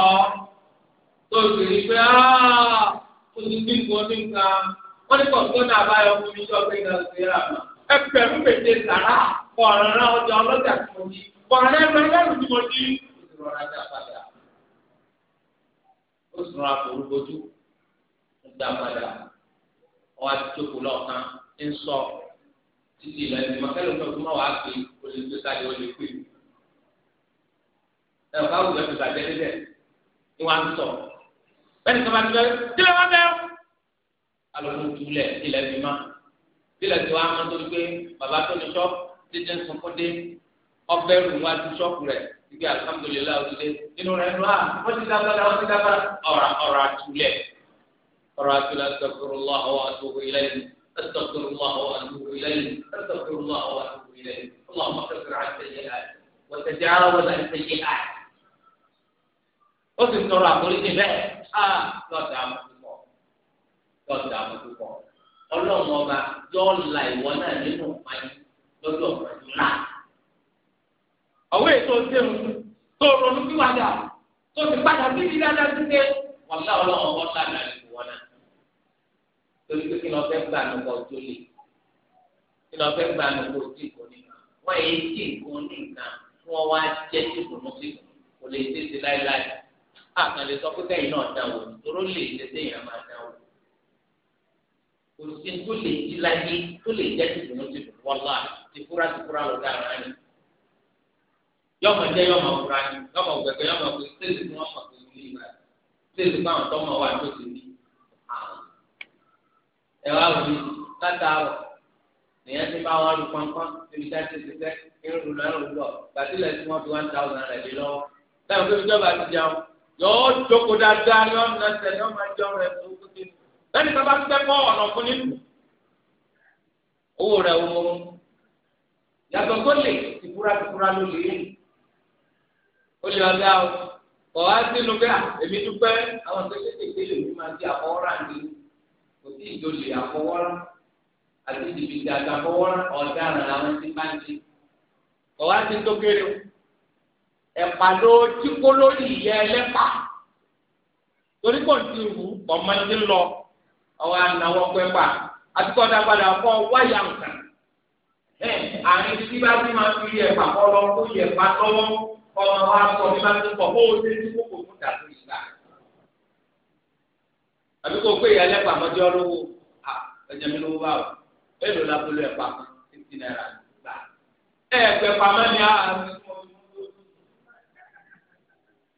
ọ ẹgbẹ̀rún méje sàrà kọ̀ọ̀rọ̀ ọjà ọlọ́jà tí mo ní kọ̀ọ̀rọ̀ ẹgbẹ̀rún mẹ́rin tí mo ní. ìrora dá padà ó sì rọra kò rúbojú ó dá padà ọwọ́ àti tókù lọ́ọ̀kan ń sọ títí ilẹ̀ ìlú mọ̀kẹ́lẹ́ fún ọdún mọ́wàá pé o lè gbé sáré o lè pè é. ẹ ọ̀ká wùdọ̀ ti bàjẹ́ débẹ̀ ni wọ́n á ń sọ bẹ́ẹ̀ni kọ́ bá ti bẹ́ẹ̀ kí lè wọ́n bẹ́ẹ̀ alọ́ ló dúlẹ̀ ilẹ̀ ìlú mọ́ bílẹ̀ tí wàá mọ́ tó gbé bàbá tó ní ṣọ́ọ̀bù dídé ń sunkún dé ọbẹ̀ rù wá sí ṣọ́ọ̀bù rẹ̀ ibi alhamdulilayi ọdún dé inú rẹ̀ nù á wọ́n ti dábàdà wọ́n ti dábàdà ọ̀rọ̀ ọ̀rọ̀ àtúlẹ̀ ọ̀rọ̀ àtúlẹ̀ astaghfirullah wa atubu ilayhi astaghfirullah wa atubu ilayhi astaghfirullah wa atubu ilayhi allahumma kafir an sayyi'ati wa tajawaz an sayyi'ati ó sì tọrọ yóò la ìwọ náà nínú ìpayín lọ́jọ́ ìpayín náà. ọ̀wé ètò ìṣèlú tó ronú bí wàdà tó ti padà sí ibi dáadáa sí pé wọ́n lá ọlọ́run wọ́n nínú wọn náà. torí pé kí ni wọ́n gbà ní ọkọ̀ tó lè kí ni wọ́n gbà ní ọkọ̀ tí kò ní wọ́n yẹ kí nǹkan ní nǹkan kí wọ́n wá tí kò ní sí kò lè tètè láéláé. àkànlè sọ pé kẹ́yìn náà kò sí tó lè di láyé tó lè jẹ́ ti dùnú ti dùn wọ́lá ti fúra ti fúra lọ dára ni. yọmọ jẹ yọmọ fúra ni yọmọ gbẹgbẹ yọmọ pé stéèlì ni wọn mọ pé ní ìgbà stéèlì báwọn tọmọ wà tó ti ní. ẹ wá wí látàárọ̀ nìyẹn ti bá wọn lu pọnpọn níbi tá a ti ti fẹ irun lọ irun lọ gbàdúrà tí wọn fi one thousand rẹ lé lọ́wọ́. táwọn pé ìjọba ti jẹun yọ ọ́ jókòó dáadáa yọ ọ́ nà sẹ́ni lẹ́yìn tó bá ń tẹ́kọ̀ ọ̀nà fún nínú owó rẹ̀ wọ́n yàtọ̀ tó lè tìkúra tìkúra ló lè yìí ó lè ọjà o kọ̀ wá sínú bẹ́ẹ̀ èmi dúpẹ́ àwọn tó ṣe tètè lè fi máa di àfọwọ́rà ni kò sí ìjọ lè àfọwọ́rà àti ìdìbìtì àti àfọwọ́rà ọ̀daràn làwọn ti máa ń ṣe kọ̀ wá sí tó kéré o ẹ̀pà ló tí kó lórí ìyẹ́ ẹlẹ́pà torí kò ń ti wù ọmọ ti lọ ọwọ́ anáwọ́ pẹ́pà àti kọ́ da padà kọ́ wáyà nǹkan. ẹ àárín títí bá ti máa fi yẹ ẹ̀pà kọ́ lọ kó yẹ ẹ̀pà lọ́wọ́ ọmọ wa sọ ní bá ti pọ̀ kó o ṣe ní kókò fún dàtú ìgbà. àbí kò pé ìyálẹ̀ pàmọ́jọ́ lówó à ẹ̀jẹ̀ mi lówó báwò èlò lábúlé ẹ̀pà fifty naira gbà. ẹ̀ẹ̀pẹ̀ pàmọ́ ni a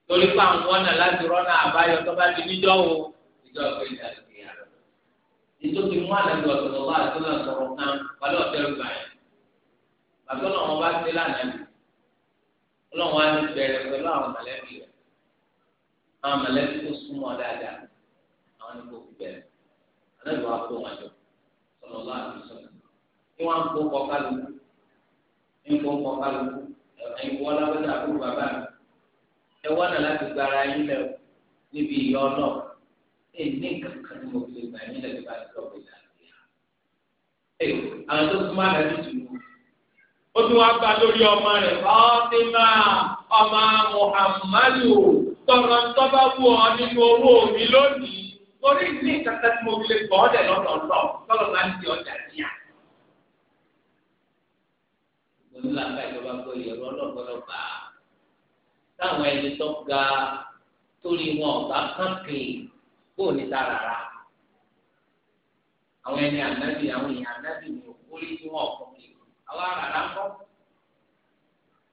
torí pé àwọn ọ̀nà láti rọ́nà àbáyọ tó bá di níjọ́ wo ìjọba ìdàgbà nítorí mú àlejò ọ̀sọ̀tọ̀ bá àtúnlá sọ̀rọ̀ kan wálé ọ̀tẹ́rù gbà yẹn bàbá ọlọ́run bá ti lánàá mi ọlọ́run á ti bẹ̀rẹ̀ pẹ̀lú àwọn mọ̀lẹ́bí rẹ̀ àwọn mọ̀lẹ́bí tó súnmọ́ dáadáa àwọn ni kò fi bẹ̀rẹ̀ àlejò wa kó wọn jọ sọ̀rọ̀ bá àtúnṣe kí wọ́n kó kọkálù ń kó kọkálù ẹ̀yin wọ́n lábẹ́ dàbí bàbá mi wọ́n nà èyí ní kankan ní mo fi lè gbà yín lẹ́yìn bá ti lọ́ọ́ gbèjà lórí ha. ee àwọn tó súnmọ́ àdájú ti wù. ó tún wáá gba lórí ọmọ rẹ̀ Fátímà ọmọ Muhammadu tọrọ tọ́ba wù ọ nínú owó mi lónìí torí ní kankan tí mo fi lè gbọ́ ọ́dẹ̀ lọ́dọọdọ tọ́lọ̀ bá ń di ọjà níyà. onílà ká ìjọba gbọ́ ìyẹ̀rọ ọlọ́gbọ́dọ̀ táwọn ẹni tó ga torí wọn ọ̀gá kàn kó o ní ta rárá àwọn ẹni ànábì àwọn èèyàn ànábì ní òkúlé tí wọn kọ kí àwọn rárá kọ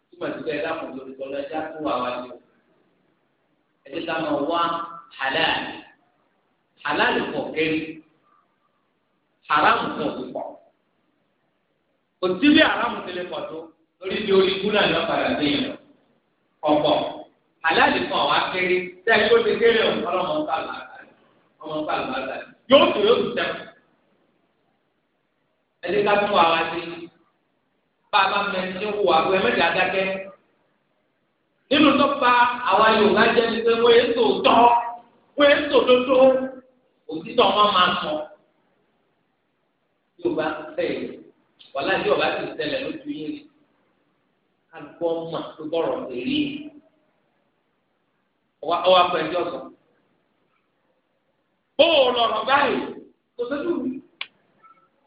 túmọ̀ sí pé ẹ dákun lórí tọ́lá ẹja tó wà wá jù ẹjẹ ká máa wá halal halal pọ̀ kéré haram pọ̀ púpọ̀ kò sí bí haram tẹlẹ pọ̀ tó lórí ní orí ikú náà lọ́kàrà sí yẹn ọ̀pọ̀ halal kan wá kéré tẹ́ ẹ kó ti kéré ọ̀pọ̀lọpọ̀ ń bá làkà ọmọ nǹkan àlùbáta yóò tó yóò tó sẹ́kù ẹdí ká tún wà wá sí bá a bá mẹ́rin tí ó wù wá pé ẹ̀mẹ́jì adákẹ́ nínú tó pa àwa Yorùbá jẹ́ ni pé wọ́n èso tọ́ wọ́n èso dodo òtítọ́ wọn máa sọ Yorùbá sẹ́yìn wàhálà Yorùbá ti ṣẹlẹ̀ lójú yín rí alùpùpù ọmọ tó bọ̀rọ̀ èrè ọwọ́ apẹ̀jọ́ sọ̀rọ̀ ó lọ̀rọ̀ báyìí kò sẹ́tù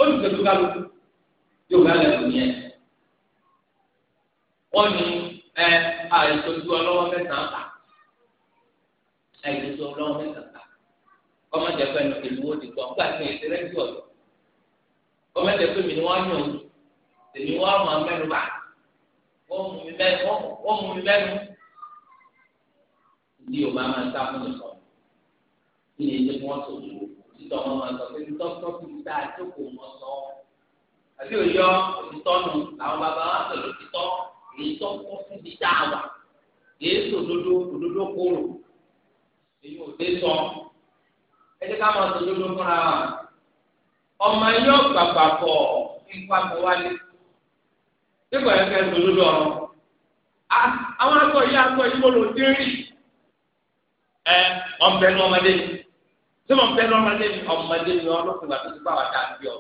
ó sì sẹ́tù kálukú yóò bá lẹ́nu yẹn. wọ́n ní ẹ àìsòjú ọlọ́wọ́ mẹ́sàn-án kà àìsòjú ọlọ́wọ́ mẹ́sàn-án kà kọ́mọ̀jẹ̀ pẹ̀lú ìlú ó ti gbọ́ nígbà tí èsì rẹ̀ ń jọ̀ lọ. kọ́mọ̀jẹ̀ pé mi ni wọ́n yàn ó tèmi wọ́n mọ̀ mẹ́nu bá wọ́n mú mi mẹ́nu. ìdí Yorùbá máa ń sá fún mi sọ̀rọ̀ kí ni ilé wọn tó lò títọ́ wọn máa sọ pé títọ́ tó fi ta àjókòó wọn sọ àbí òyọ òtítọ́ nù làwọn bàbá wa sọ lòtítọ́ èyí tó kọ́ síbi tá a wà èyí tó dodo òdodo kóró èyí ò dé sọ ẹ jẹ́ ká máa sọ dodo fúnra wa ọmọ yóò gbàgbà pọ̀ nípa mi wálé nígbà yẹn fẹ́ dodo ọ̀rọ̀ àwọn akọ yìí akọ yìí mo lò dé ẹ ọ̀bẹ ní ọmọdé yìí tí mo fẹ́ lọ́mọdé ni ọmọdé ni ọlọ́sìn wà tó ti bá wa dà bí ọ.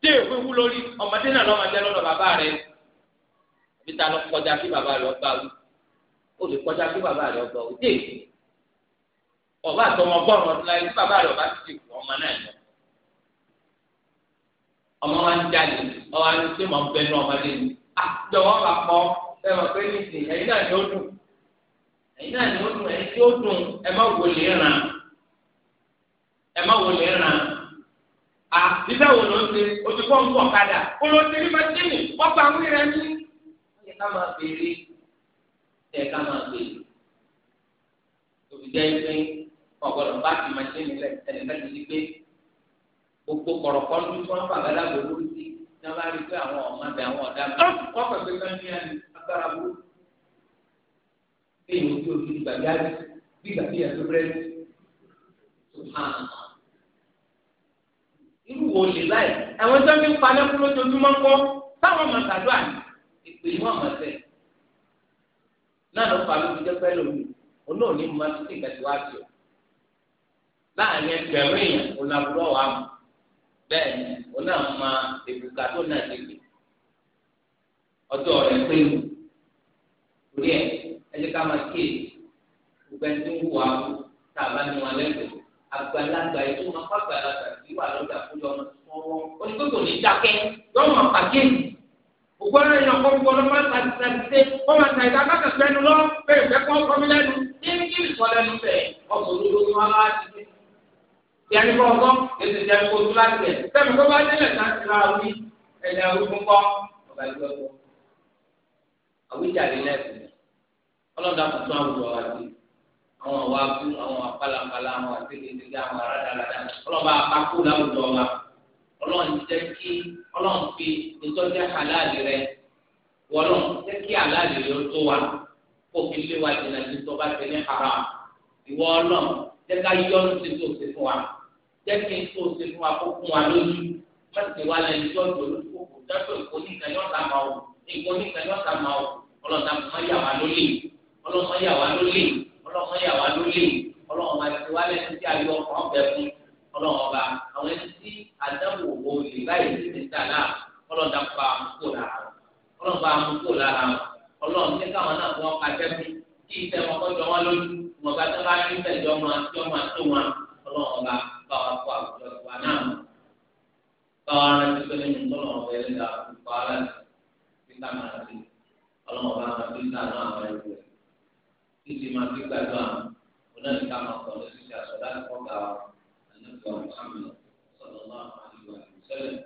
tí èwe wú lórí ọmọdé náà lọ́mọdé lọ́dọ̀ bàbá rẹ bí ta lọ kọjá kí bàbá rẹ ọgbà wí ó lè kọjá kí bàbá rẹ ọgbà wí dé ọba àtọmọ bọ́ọ̀rù ọdún láyé tí bàbá rẹ ọba ti ti kú ọmọ náà yẹn ọmọ wa ń jáde ọwọ́ àti tí mo fẹ́ ní ọmọdé ni àjọwọ́ ah, bá pọ̀ ẹ ẹ̀yin náà ni ó dùn ẹ̀yin náà ni ó dùn ẹ̀yin tí ó dùn ẹ má wọlé ẹ má wò lè ràn á bíbẹ́ wò ló ń ṣe ojú kọ́ ń bọ̀ kadà ó ló ṣe ní mẹtíìnì wọ́n gba àwọn ìrẹ́ ní. ẹ ká máa béèrè ẹ ká máa béèrè òbí jẹ́ pé ọ̀gbọ́dọ̀ bá ti mẹtíìnì rẹ̀ ẹ̀ẹ́dẹ́gbẹ́ ti gbé gbogbo kọ̀rọ̀kọ́ ní tí wọ́n fàgbà lágbo lórí sí ní wọ́n bá rí pé àwọn ọmọ bẹ àwọn ọ̀dà mi wọ́n fẹ́ pé kán ní agbára burú bí ìwé ojú òbí gbàgbé àgbẹ̀ bí gbàgbé irú wo lè láì àwọn tó ń fi paná kúrò lójoojúmọ́ kọ́ táwọn máa gbàdúrà ní ìpè ní wọn máa fẹ́ náà ló fa lóbi jẹ́ pẹ́lú mi olóòní máa ti tẹ̀ka tí wàá láàrin ẹgbẹ̀rún èèyàn onaburọ̀ wa mọ̀ bẹ́ẹ̀ ni oná máa èbùkà tó náà ti gbè ọjọ́ rẹ̀ pé orí ẹ̀ ẹ̀ ẹ́ ká máa kéè gbogbo ẹni tó ń wù wá tá a bá ní wọn lẹ́gbẹ̀ẹ́ àgbàlagbà ètò wọn kọ àgbàlagbà tí wà lọ́dọ̀ àkójọ ọmọ tó wọ́n onígbòkò ní dákẹ́ yọ wọn pàkíyèsí òkú ọ̀rọ̀ yẹn kọ́ gbogbo ọlọ́mọ láti ṣàtìṣe wọ́n máa ta ìdá akẹ́kọ̀ọ́ fẹ́nu lọ bẹ́ẹ̀ fẹ́ kọ́ ọkọ mi lẹ́nu ní kí ìsọ lẹ́nu bẹ̀ ọkọ̀ olóró ni wọ́n máa ti dé. ìyẹnì kọ́ ọkọ́ èsì ìjẹun kò tún láti rẹ̀ sẹ́mi kó bá délẹ̀ láti ra orí ẹ̀yà orúkún ọ̀gá ìgbẹ́ àwíjàre lẹ́sìn ọlọ́dà tuntun àwùjọ wa ti àwọn àwọn abú àwọn apalapala àwọn àtẹkẹtẹkẹ àwọn aradarada ọlọ́ba apákó láwùjọ wa ọlọ́run jẹ́ kí ọlọ́run fi ìtọ́jú aláàlì rẹ wọlọ́run jẹ́ kí aláàlì rẹ tó wa kó fi lé wa jìnnà sí tọ́ba tẹ ní haram ìwọ ọlọ́run jẹ́ ká yọ ọ́nù sí tó ṣe fún wa jẹ́ kí n tó ṣe fún wa kó fún wa lójú mẹ́tẹ̀ẹ́ wa lẹ́nu tó dùn lójú kókò dájọ́ ìkó ní ìdáyọ̀ta máa wò ìkó ní ìdáyọ̀ta máa wò ọlọ́run lè ọlọ́run máa ti wá lẹ́nu tí ayọ̀ ọkàn bẹ fún ọlọ́run ọba àwọn ẹni tí àdáwò wo lè báyìí sí níta náà ọlọ́run dàpọ̀ àmúkò lára wọn ọlọ́run bá àmúkò lára wọn ọlọ́run tí káwọn náà wọ́n ka tẹ́kù kí ìfẹ́ wọn kọ́ jọ wọn lójú wọn bá tẹ́ bá rí bẹ́ẹ̀ jọ máa jọ máa tó wọn ọlọ́run ọba bá wa kó àwùjọ wa náà mọ̀ bá wa rántí pé nínú ọlọ́run ọba máa ti ká náà هناك كما قال في صلاة قبل النبي محمد صلى الله عليه وسلم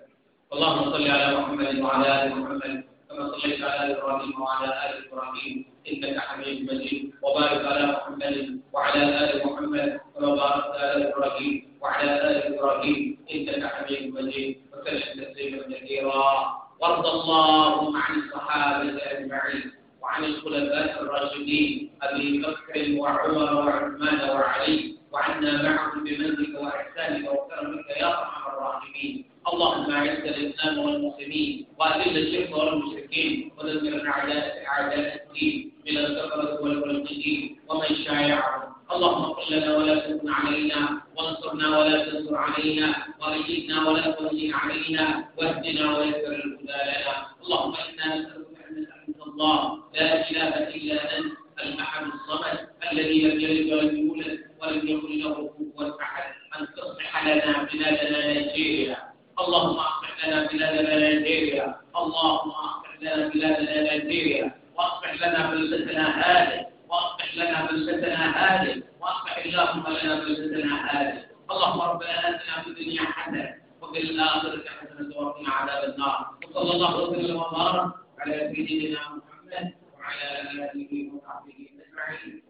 اللهم صل على محمد وعلى آل محمد كما صليت على إبراهيم وعلى آل إبراهيم إنك حميد مجيد وبارك على محمد وعلى آل محمد كما باركت على إبراهيم وعلى آل إبراهيم إنك حميد مجيد وسلم تسليما كثيرا وارض اللهم عن الصحابة أجمعين وعن الخلفاء الراشدين أبي بكر وعمر وعثمان وعلي وعنا معهم بمنك وإحسانك وكرمك يا أرحم الراحمين اللهم أعز الإسلام والمسلمين وأذل الشرك والمشركين ودمر أعداء أعداء الدين من الكفرة والملحدين ومن شايعهم اللهم اغفر لنا ولا تكن علينا وانصرنا ولا تنصر علينا وأيدنا ولا تولي علينا واهدنا ويسر الهدى لنا اللهم إنا نسألك الله لا إله إلا أنت الأحد الصمد الذي لم يلد ولم يولد ولم يكن له كفوا أحد أن تصلح لنا بلادنا نيجيريا اللهم أصلح لنا بلادنا نيجيريا اللهم أصلح لنا بلادنا نيجيريا وأصلح لنا بلدتنا هذه وأصلح لنا بلدتنا هذه وأصلح اللهم لنا بلدتنا هذه اللهم ربنا آتنا في الدنيا حسنة وفي الآخرة حسنة وقنا عذاب النار وصلى الله وسلم وبارك على سيدنا محمد محمد وعلى آله وصحبه أجمعين